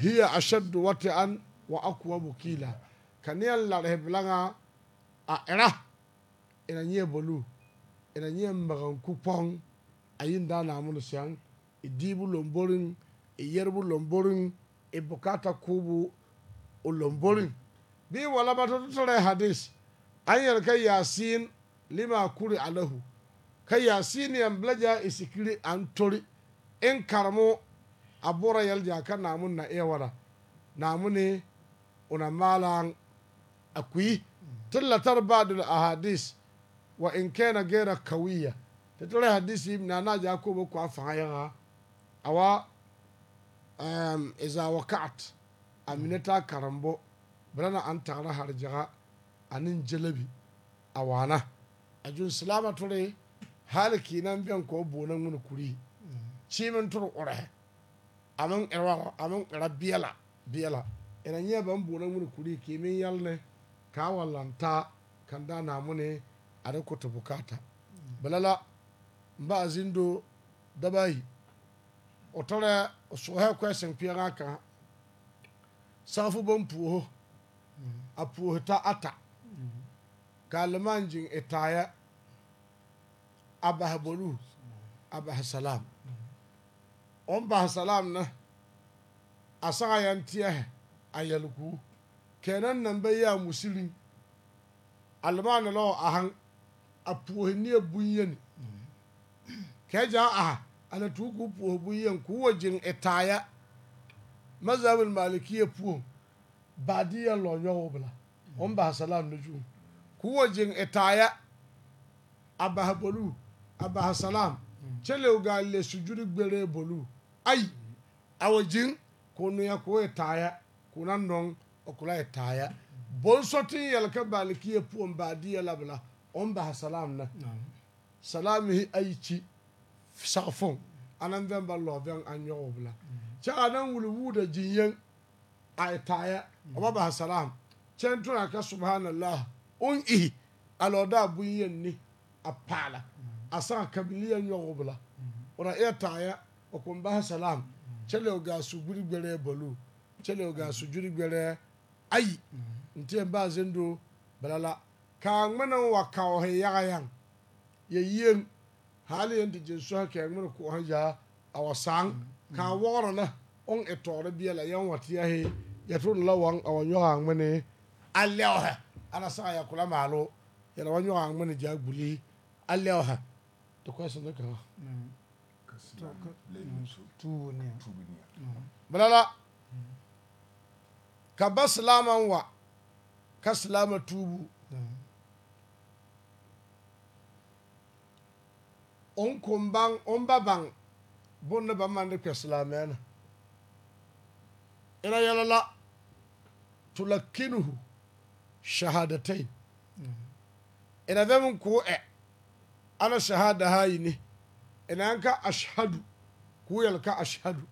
hiya ashaddu an, wa aqwamu kiila ka neɛ laresɛ bilaŋa a ɛra ina nyɛ bolu ina nyɛ magan ku pɔŋ a yin daa naaŋmud sɛŋ i diibu lomboriŋ i yɛrebu lomboriŋ i bukaata kuubu o lomborin Bi wala ba tɔ tɔtɔrɛ hadisi. an kai yasin lima kuri alahu kai yasin yan blaja isikiri an tori in karmo abura yal jaka namun na ewara namu ne una malan akwi tillatar badul ahadis wa in kana gera kawiya ta hadisi na na ja ko ko afaya awa um iza waqat aminata karambo bana an tara harjaha anin jalabi a wana a jun silama ture hali kinan biyan ko bonan wani kuri cimin tur ure amin irwa amin ira biyala biyala ina yi ban bonan wani kuri kimin yalne kawon lanta kan da namu ne a rikuta bukata balala ba a zindo dabayi o su ha kwesin fiye kan safu ban puho a puho ta ata kaalimaan jiŋ e taayɛ a bahi bonuu on bahi salaam na a saŋa yɛŋ teɛhi a yɛl kuu kɛɛnaŋ naŋ ba yi a musiliŋ a lemaana a puohi neɛ bonyeni kɛɛ gyaa aha a na tuu k'u puohi bonyeni k'u wa jiŋ e taayɛ mazhabul malikiya puoŋ baadeɛ lɔnyɔgɔ bila on bahi salaam na zuŋ kuwo jeng etaya abaha bolu a salam chele uga le su juri gbere bolu ai awo ko kunu ya kuwo etaya kuna don okula etaya bon sotin yalka ba di ya labla on baha salam na salamihi ci safon anan ven ba lo ven an nyɔge o bila a nan wuli wuuda a e taayɛ ba bahi salam ka subhanallah un ihi aloodaa bunyeni ni a paɣala asaŋa kabiliya nyɔgibu la una iya taɣaya o kun bahi salaam kyɛlɛ o gaa sugbiri gbɛrɛɛ baluu kyɛlɛ o gaa sugbiri gbɛrɛɛ ayi n tɛɛ baa zendo bala la kaa ŋmene wa kaohi yaga yaŋ ye yieŋ haali yɛn ti gyin sɔhi kɛɛ ŋmene ko'ohi yaa a wa saaŋ kaa wɔgera na on e tɔɔre bie la yɛn wa teɛhi yɛ tun la waŋ a wa a ŋmene a lɛohe ana sãn yaa kula maalo yɛla wa nyɔga a ŋmene gyaa gbuli a ha tɩ koɛ sẽn da kãga bala mm. mm. ka ba silaama wa ka silaama tubu mm. on kun baŋ on ba baŋ bon ne ba man de kpɛ silaamɛɛ na ina yɛlɛ la tulakinuhu shahadatai mm-hmm. ina zamin ko e eh, ana shahada hayi ne ina ka ashhadu kuyal ka ashhadu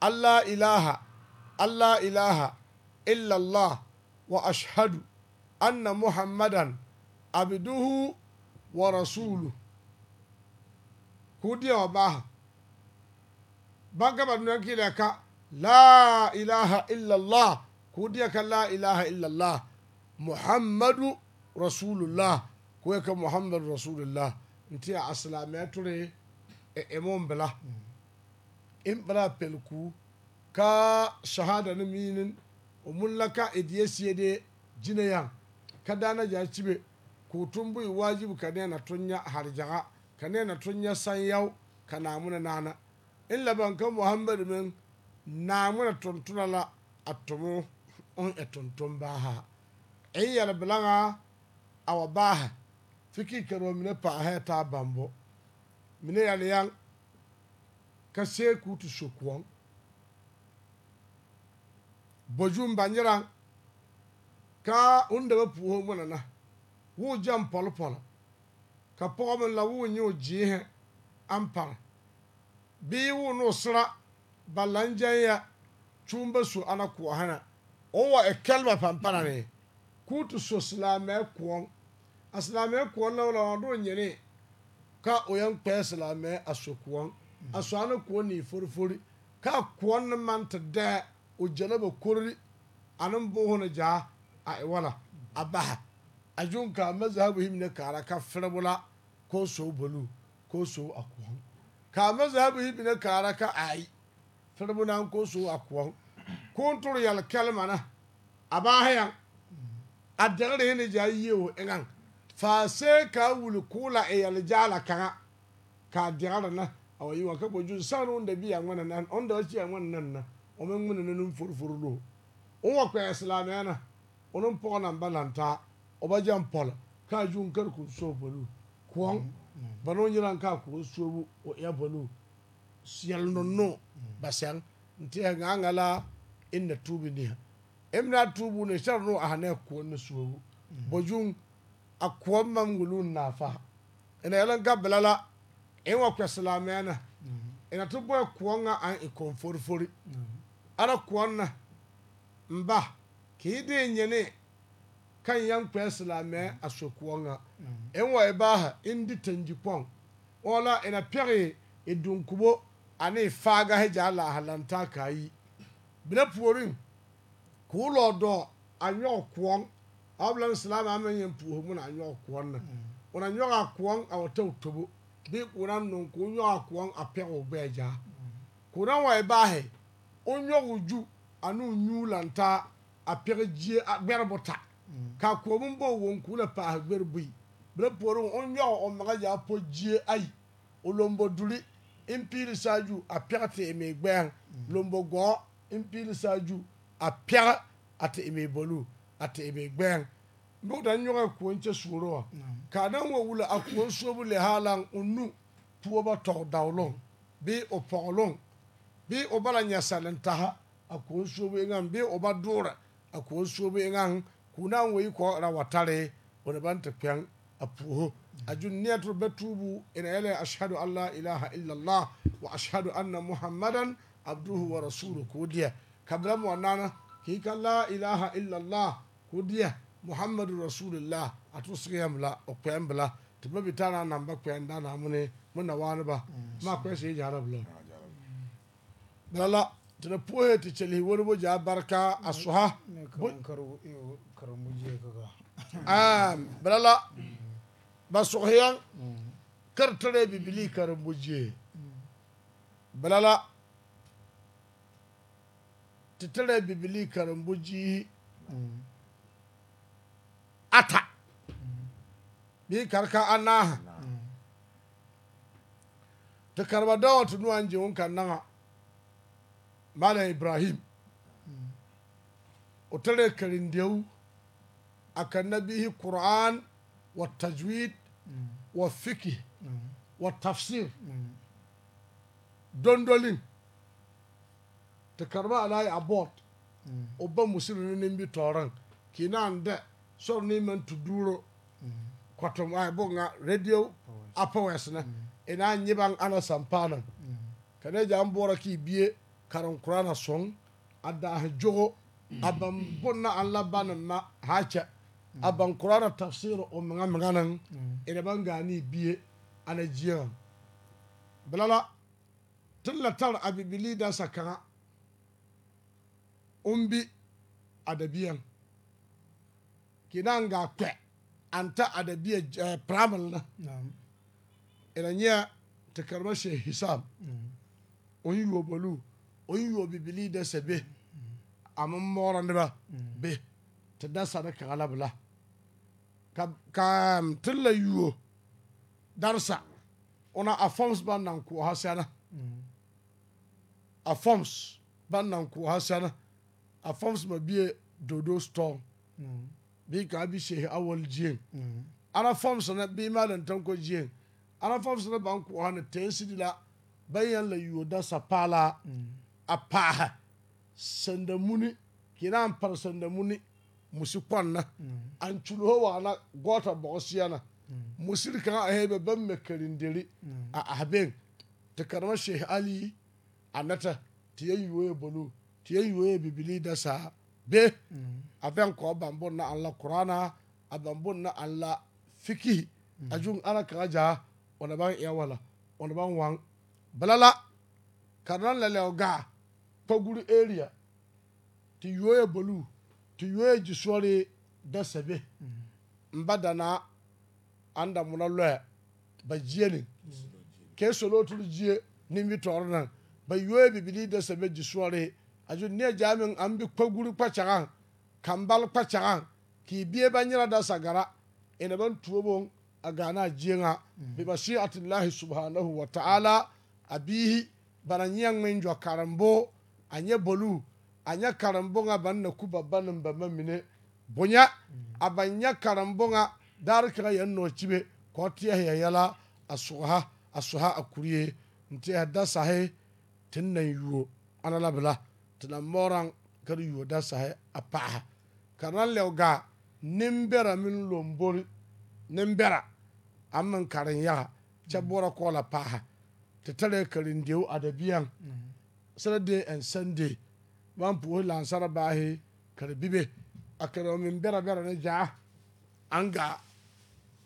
Allah ilaha Allah ilaha illallah wa anna muhammadan abduhu wa rasulu kudiya wa baha banka ka la ilaha illallah ka la ilaha illallah muhammadu rasulullah kuye ka muhammadu rasulullah nti a ya ture a e, emun bila in bila pelku ka shahada na minin umun laka idiye e siye de jina yan ka dana na cibe ko tun bai wajibu ka tun tunya harjaga ka ya tunya yau ka namuna nana in laban ka muhammadu min namuna tuntuna la a tumu on e tuntun ha. ɛyi yɛre belaŋaa awa wa fiki ka mine paahɛɛ taa bambo mine yɛre yan ka see k'u te so kõɔŋ bojum ba nyeraŋ ka oŋ da ba puoho ŋmene na woo gyɛŋ pɔlepɔlɔ ka pɔgɔ meŋ la woo nyɛ o gyeehɛ aŋ pare bii woo ne o ba laŋ gyɛŋ yɛ kyuu ba su ana koɔhɛ na o wa e kɛleba pampana ne k'u ti so silamɛ koɔ a silamɛ koɔ la o la wɔn do nyere ka o yɛn kpɛɛ silamɛ a so koɔ a so ane koɔ nii forifori ka a koɔ ne man te dɛɛ o gyɛlɛ ba kori ane buuhu ne a e wala a baha a jun ka a mazahabu himine kaara ka firibu la k'o so bolu k'o so a koɔ ka a mazahabu himine kaara ka ayi firibu naŋ k'o so a koɔ k'o turu yɛl kɛlema na a baha yan. a dɛgre yene gyaa yie o eŋaŋ faa ka kaa wuli kula e yal jala kaŋa ka dɛgre na a wa yi wa ka bo jun sanu nda bi yaa ŋmɛna nan da wa yaa ŋmɛn nan na o meŋ ŋmɛna na neŋ forfor lo n wa islam ya na o neŋ pɔgɔ naŋ ba lantaa o ba gyɛŋ pɔl ka jun kari ko so baluu kõɔŋ ba noo nyɛraŋ kaa kõɔ suobu o ya bolu yɛl nonno no sɛŋ n teɛ ŋa ŋa la n na tuubi emna tubu ne shar no ahane ko ne suwu bojun akwa mam gulun na fa ina yalan gablala in wa kwa salamana ina tubu ko nga an ikon forfori ara ko na mba ki de nyene kan yan kwa salamɛ asokuwa nga in wa ibaha indi tanji pon wala ina pɛgi idunkubo ane faga hija la halanta kayi bila puorin ka ụlọ dọ anyọ kụọn ablan silam amenye puho mu na anyọ na ụna anyọ akụọn a wọta otobo bi kụna nnụn ka onyọ akụọn apịa wọ gbaa gya kụna ebe ahụ onyọ uju anu nyu lanta apịa gye ka kụọmu mbọ yi bere puori ọmaga ya ayi olombo duri apịa eme mm. lombo gọọ a pɛga a te bolu a te e gbɛɛŋ da nyɔga kõɔ kyɛ suoro wa mm. ka na wa wula a kõɔ suobu le ha laŋ o nu puoba tɔg dagloŋ o pɔgloŋ bi o bala ta ha a kõɔ suobu eŋaŋ bi o ba dʋʋra a kõɔ suobu eŋaŋ ku na wo wa yi kɔɔra wa tare o na ba te kpɛn a puoho mm. a jun neɛ tɩ ba tuubu ina yɛlɛ ashhadu allah ilaha illa allah wa ashhadu anna muhammadan abduhu wa rasuluhu kʋʋ deɛ kadram wannana hika la ilaha illallah hudiya muhammadu rasulillah a sigiyam la okpɛm bila tiba bi taara namba kpɛm da na mune muna wani ba mm. ma kpɛ sai jara bila la ah, mm. tina poe ti cheli wani bo barka mm. asuha ah la. ba ti tara bibili karambuji ata bi karka anaha Ta karba dawa ti nuwan jiwun kan naŋa malam ibrahim o karin dewu. a kan na bihi qur'an wa tajwid wa fiki, wa tafsir mm. dondolin tɩ karema a la yaa o ba musiri ne nimbitɔɔreŋ kɩ naan dɛ sɔr ne maŋ tu duuro kɔtum a boŋa radio apɔwɛs ne e naa nyɛ baŋ ana sampaana ka ne gyaa boɔra k'i bie karenkura na sɔŋ a daahi jogo a baŋ bon na an laban na haa kyɛ a baŋ kura na tafsiri o meŋa meŋa neŋ e na baŋ gaa ne bie ana gyieŋ bilala tun a bibilii kaŋa umbi adabiyan kinan ga kwe anta adabiya uh, eh, primal na mm. ina nyɛ ti karima shɛ hisab mm. un yuo bolu un yuo bibilii be a min mɔɔrɔ niba be ti da sani kaŋa la bila ka ka ti yuo darsa una a fɔms ban nan koɔha mm. ban nan a fams ma bie dodo store mm. bi ka bi shehi awal jien mm. ana na bi ma dan ko jien ana fams na ban ko hana tensi ban bayan la yuo da sapala mm. a paha sandamuni kinan par sandamuni musi na mm. an culo wa na gota bogosiyana mm. musir kan a hebe ban me karindiri mm. a ahben ta karma shehi ali a nata ta yayyuwa ya ti e yɛ bibilii da saa be a vɛn kɔɔ ban bon na an la kurana a ban bon na an la fikihi a jun ana kaŋa jaa ona ban ɛɛ wala ona ban waŋ balala karnan la o gaa kpaguru area ti yuoye e bolu ti yuoye jisɔre da sɛbe n ba danaa an da muna lɔɛ ba jie ne kee soloturu jie nimitɔɔre naŋ ba yuoye bibilii da sɛbe jisɔre aju ne jamin an bi kpaguru kpachagan kambal kpachagan ki biye ba nyira da sagara ina ban tuwobon a gana jiyenga mm-hmm. bi mashi'atillahi subhanahu wa ta'ala abihi bana nyiyan min jwa karambo anye bolu anya karambo nga ban na kuba ban ba mamine bonya mm-hmm. abanya karambo nga dar kira yan no chibe ko tiya ya yala asuha asuha akuriye ntiya da sahe tinnan yuo ana labla tɩ la moorãng ka d yuo dasahe a paasa ka na lɛb gaa nembɛrã lombori nembɛrã a meŋ karenyaga kyɛ mm. boɔrɔ kɔɔ la paasa tɩ karin karendeo a da biaŋ mm. saturday and sunday baŋ puosi lansara baasi bibe a karema meŋ bɛrɛ bɛrɛ ne gyaa aŋ gaa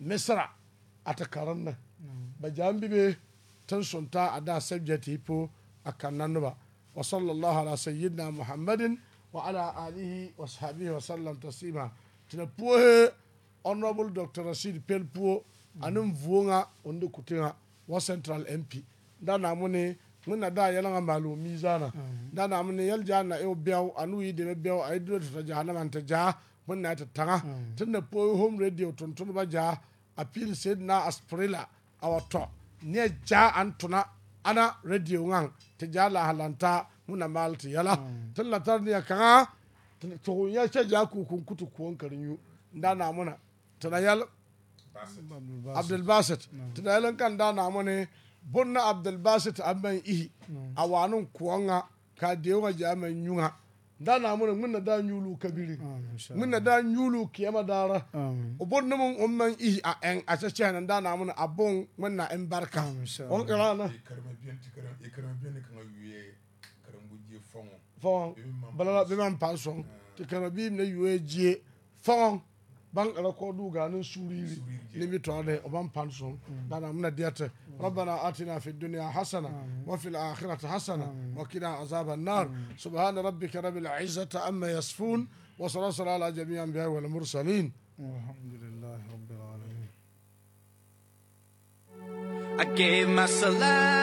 misra a te karenna mm. ba gyaaŋ bibe tun sʋn a daa subject po a kanna noba وصلى الله على سيدنا محمد وعلى آله وصحبه وسلم تسليما تنبوه honorable dr rashid pelpuo anin vuonga onde kutenga wa central mp da na mune muna da yala nga malu mizana da na mune yal jana e biaw anu yi de biaw ay do ta jana man ta ja muna ta tanga tunda po home radio ton ton ba ja appeal said na asprilla our top ne ja antuna ana radio ngang te jala halanta muna malti yala tun latar ne kanga to ya ce ja ku kun kutu kuwan on karinyu nda na muna tana yal Abdul Basit tana hmm. yal kan da na muna bunna Abdul Basit amman ihi hmm. awanun kuwanga ka dewa jaman yunga da na mun mun da yulu kabiri mun da yulu kiyama dara ubon mun umman i a en a ce nan da na mun abon mun na en barka on kala na karma biyan tikara e karma biyan kan yuye e karam guje fon fon e balala bi man pa son tikara ah. e bi ne yuye je fon بان كودوغا نسوري لبيتوالي وبان بانسون بان من ديات ربنا آتنا في الدنيا حسنة وفي الآخرة حسنة وقنا عذاب النار سبحان ربك رب العزة أما يصفون وصلى على جميع الأنبياء والمرسلين والحمد لله رب العالمين I gave my salam